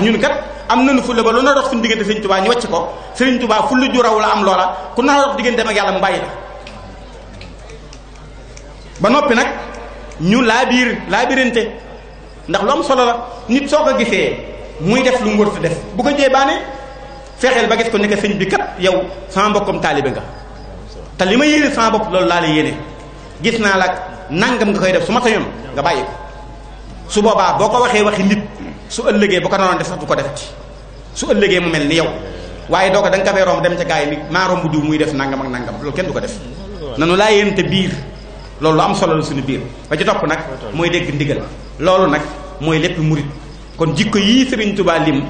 ñun kat am nañu fulla ba lu na dox suñu diggante sëñ tubaa ñu wàcc ko sëriñ tubaa fulla ju raw la am loola ku na dox digganteem ak yàlla mu bàyyi noppi nag ñu laa biir laa biirante ndax lu am solo la nit soo ko gisee muy def lu mu wërta def bu jéebaane fexeel ba gis ko nekk sëñ bi kat yow sama mbokkam taalibe nga te li ma yéene sama bopp loolu laa la yéene gis naa la nangam nga koy def su ma sañoon nga bàyyi ko su boobaa boo ko waxee waxi nit su ëllëgee bu ko naroon def sax du ko defati su ëllëgee mu mel ni yow waaye doo ko da nga kafee dem ca gaay yi ni maa romb diw muy def nangam ak nangam loolu kenn du ko def nanu laa yéente biir loolu lu am solo suñu biir ba ci topp nag mooy dégg ndigal loolu nag mooy lépp murit kon jikko yii Sëriñ Tuubaa lim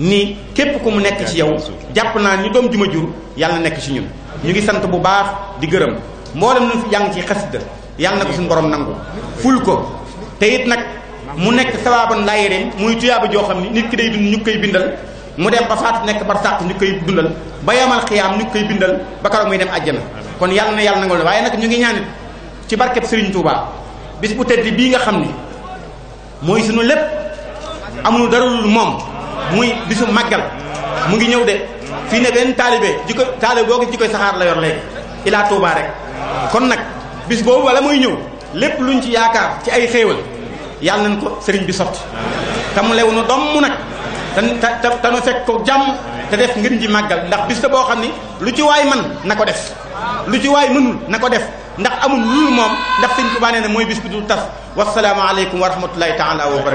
nii képp ku mu nekk ci yow jàpp naa ni doom ju ma jur yàlla nekk ci ñun ñu ngi sant bu baax di gërëm mboolem lu fi jàng ci xasida yàlla na ko suñu borom nangu ful ko te it nag mu nekk sawaaban laa yéreem muy tuyaaba joo xam ni nit ki day dund ñu koy bindal mu dem ba faatu nekk bar sàq ñu koy dundal ba yamal xiyaam ñu koy bindal ba karoog muy dem àjjana kon yàlla na yàlla nangul la waaye nag ñu ngi ñaanit ci barkeb Serigne Touba bis bu tedd bii nga xam ni mooy suñu lépp amul dara moom muy bisu màggal mu ngi ñëw de fii ne benn taalibe ji ko taalibe boo gis ji koy saxaar la yor léegi ilaa Touba rek kon nag bis boobu wala muy ñëw lépp luñ ci yaakaar ci ay xéewal yàlla nañ ko sëriñ bi sotti te mu lew nu domm nag te te te nu fekk ko jàmm te def ngir ji màggal ndax bis la boo xam ni lu ci waay man na ko def lu ci waay mënul na ko def ndax amul lul moom ndax Sëriñ Tuubaa nee na mooy bis bu du tas wasalaamu aleykum wa rahmatullahi taala wa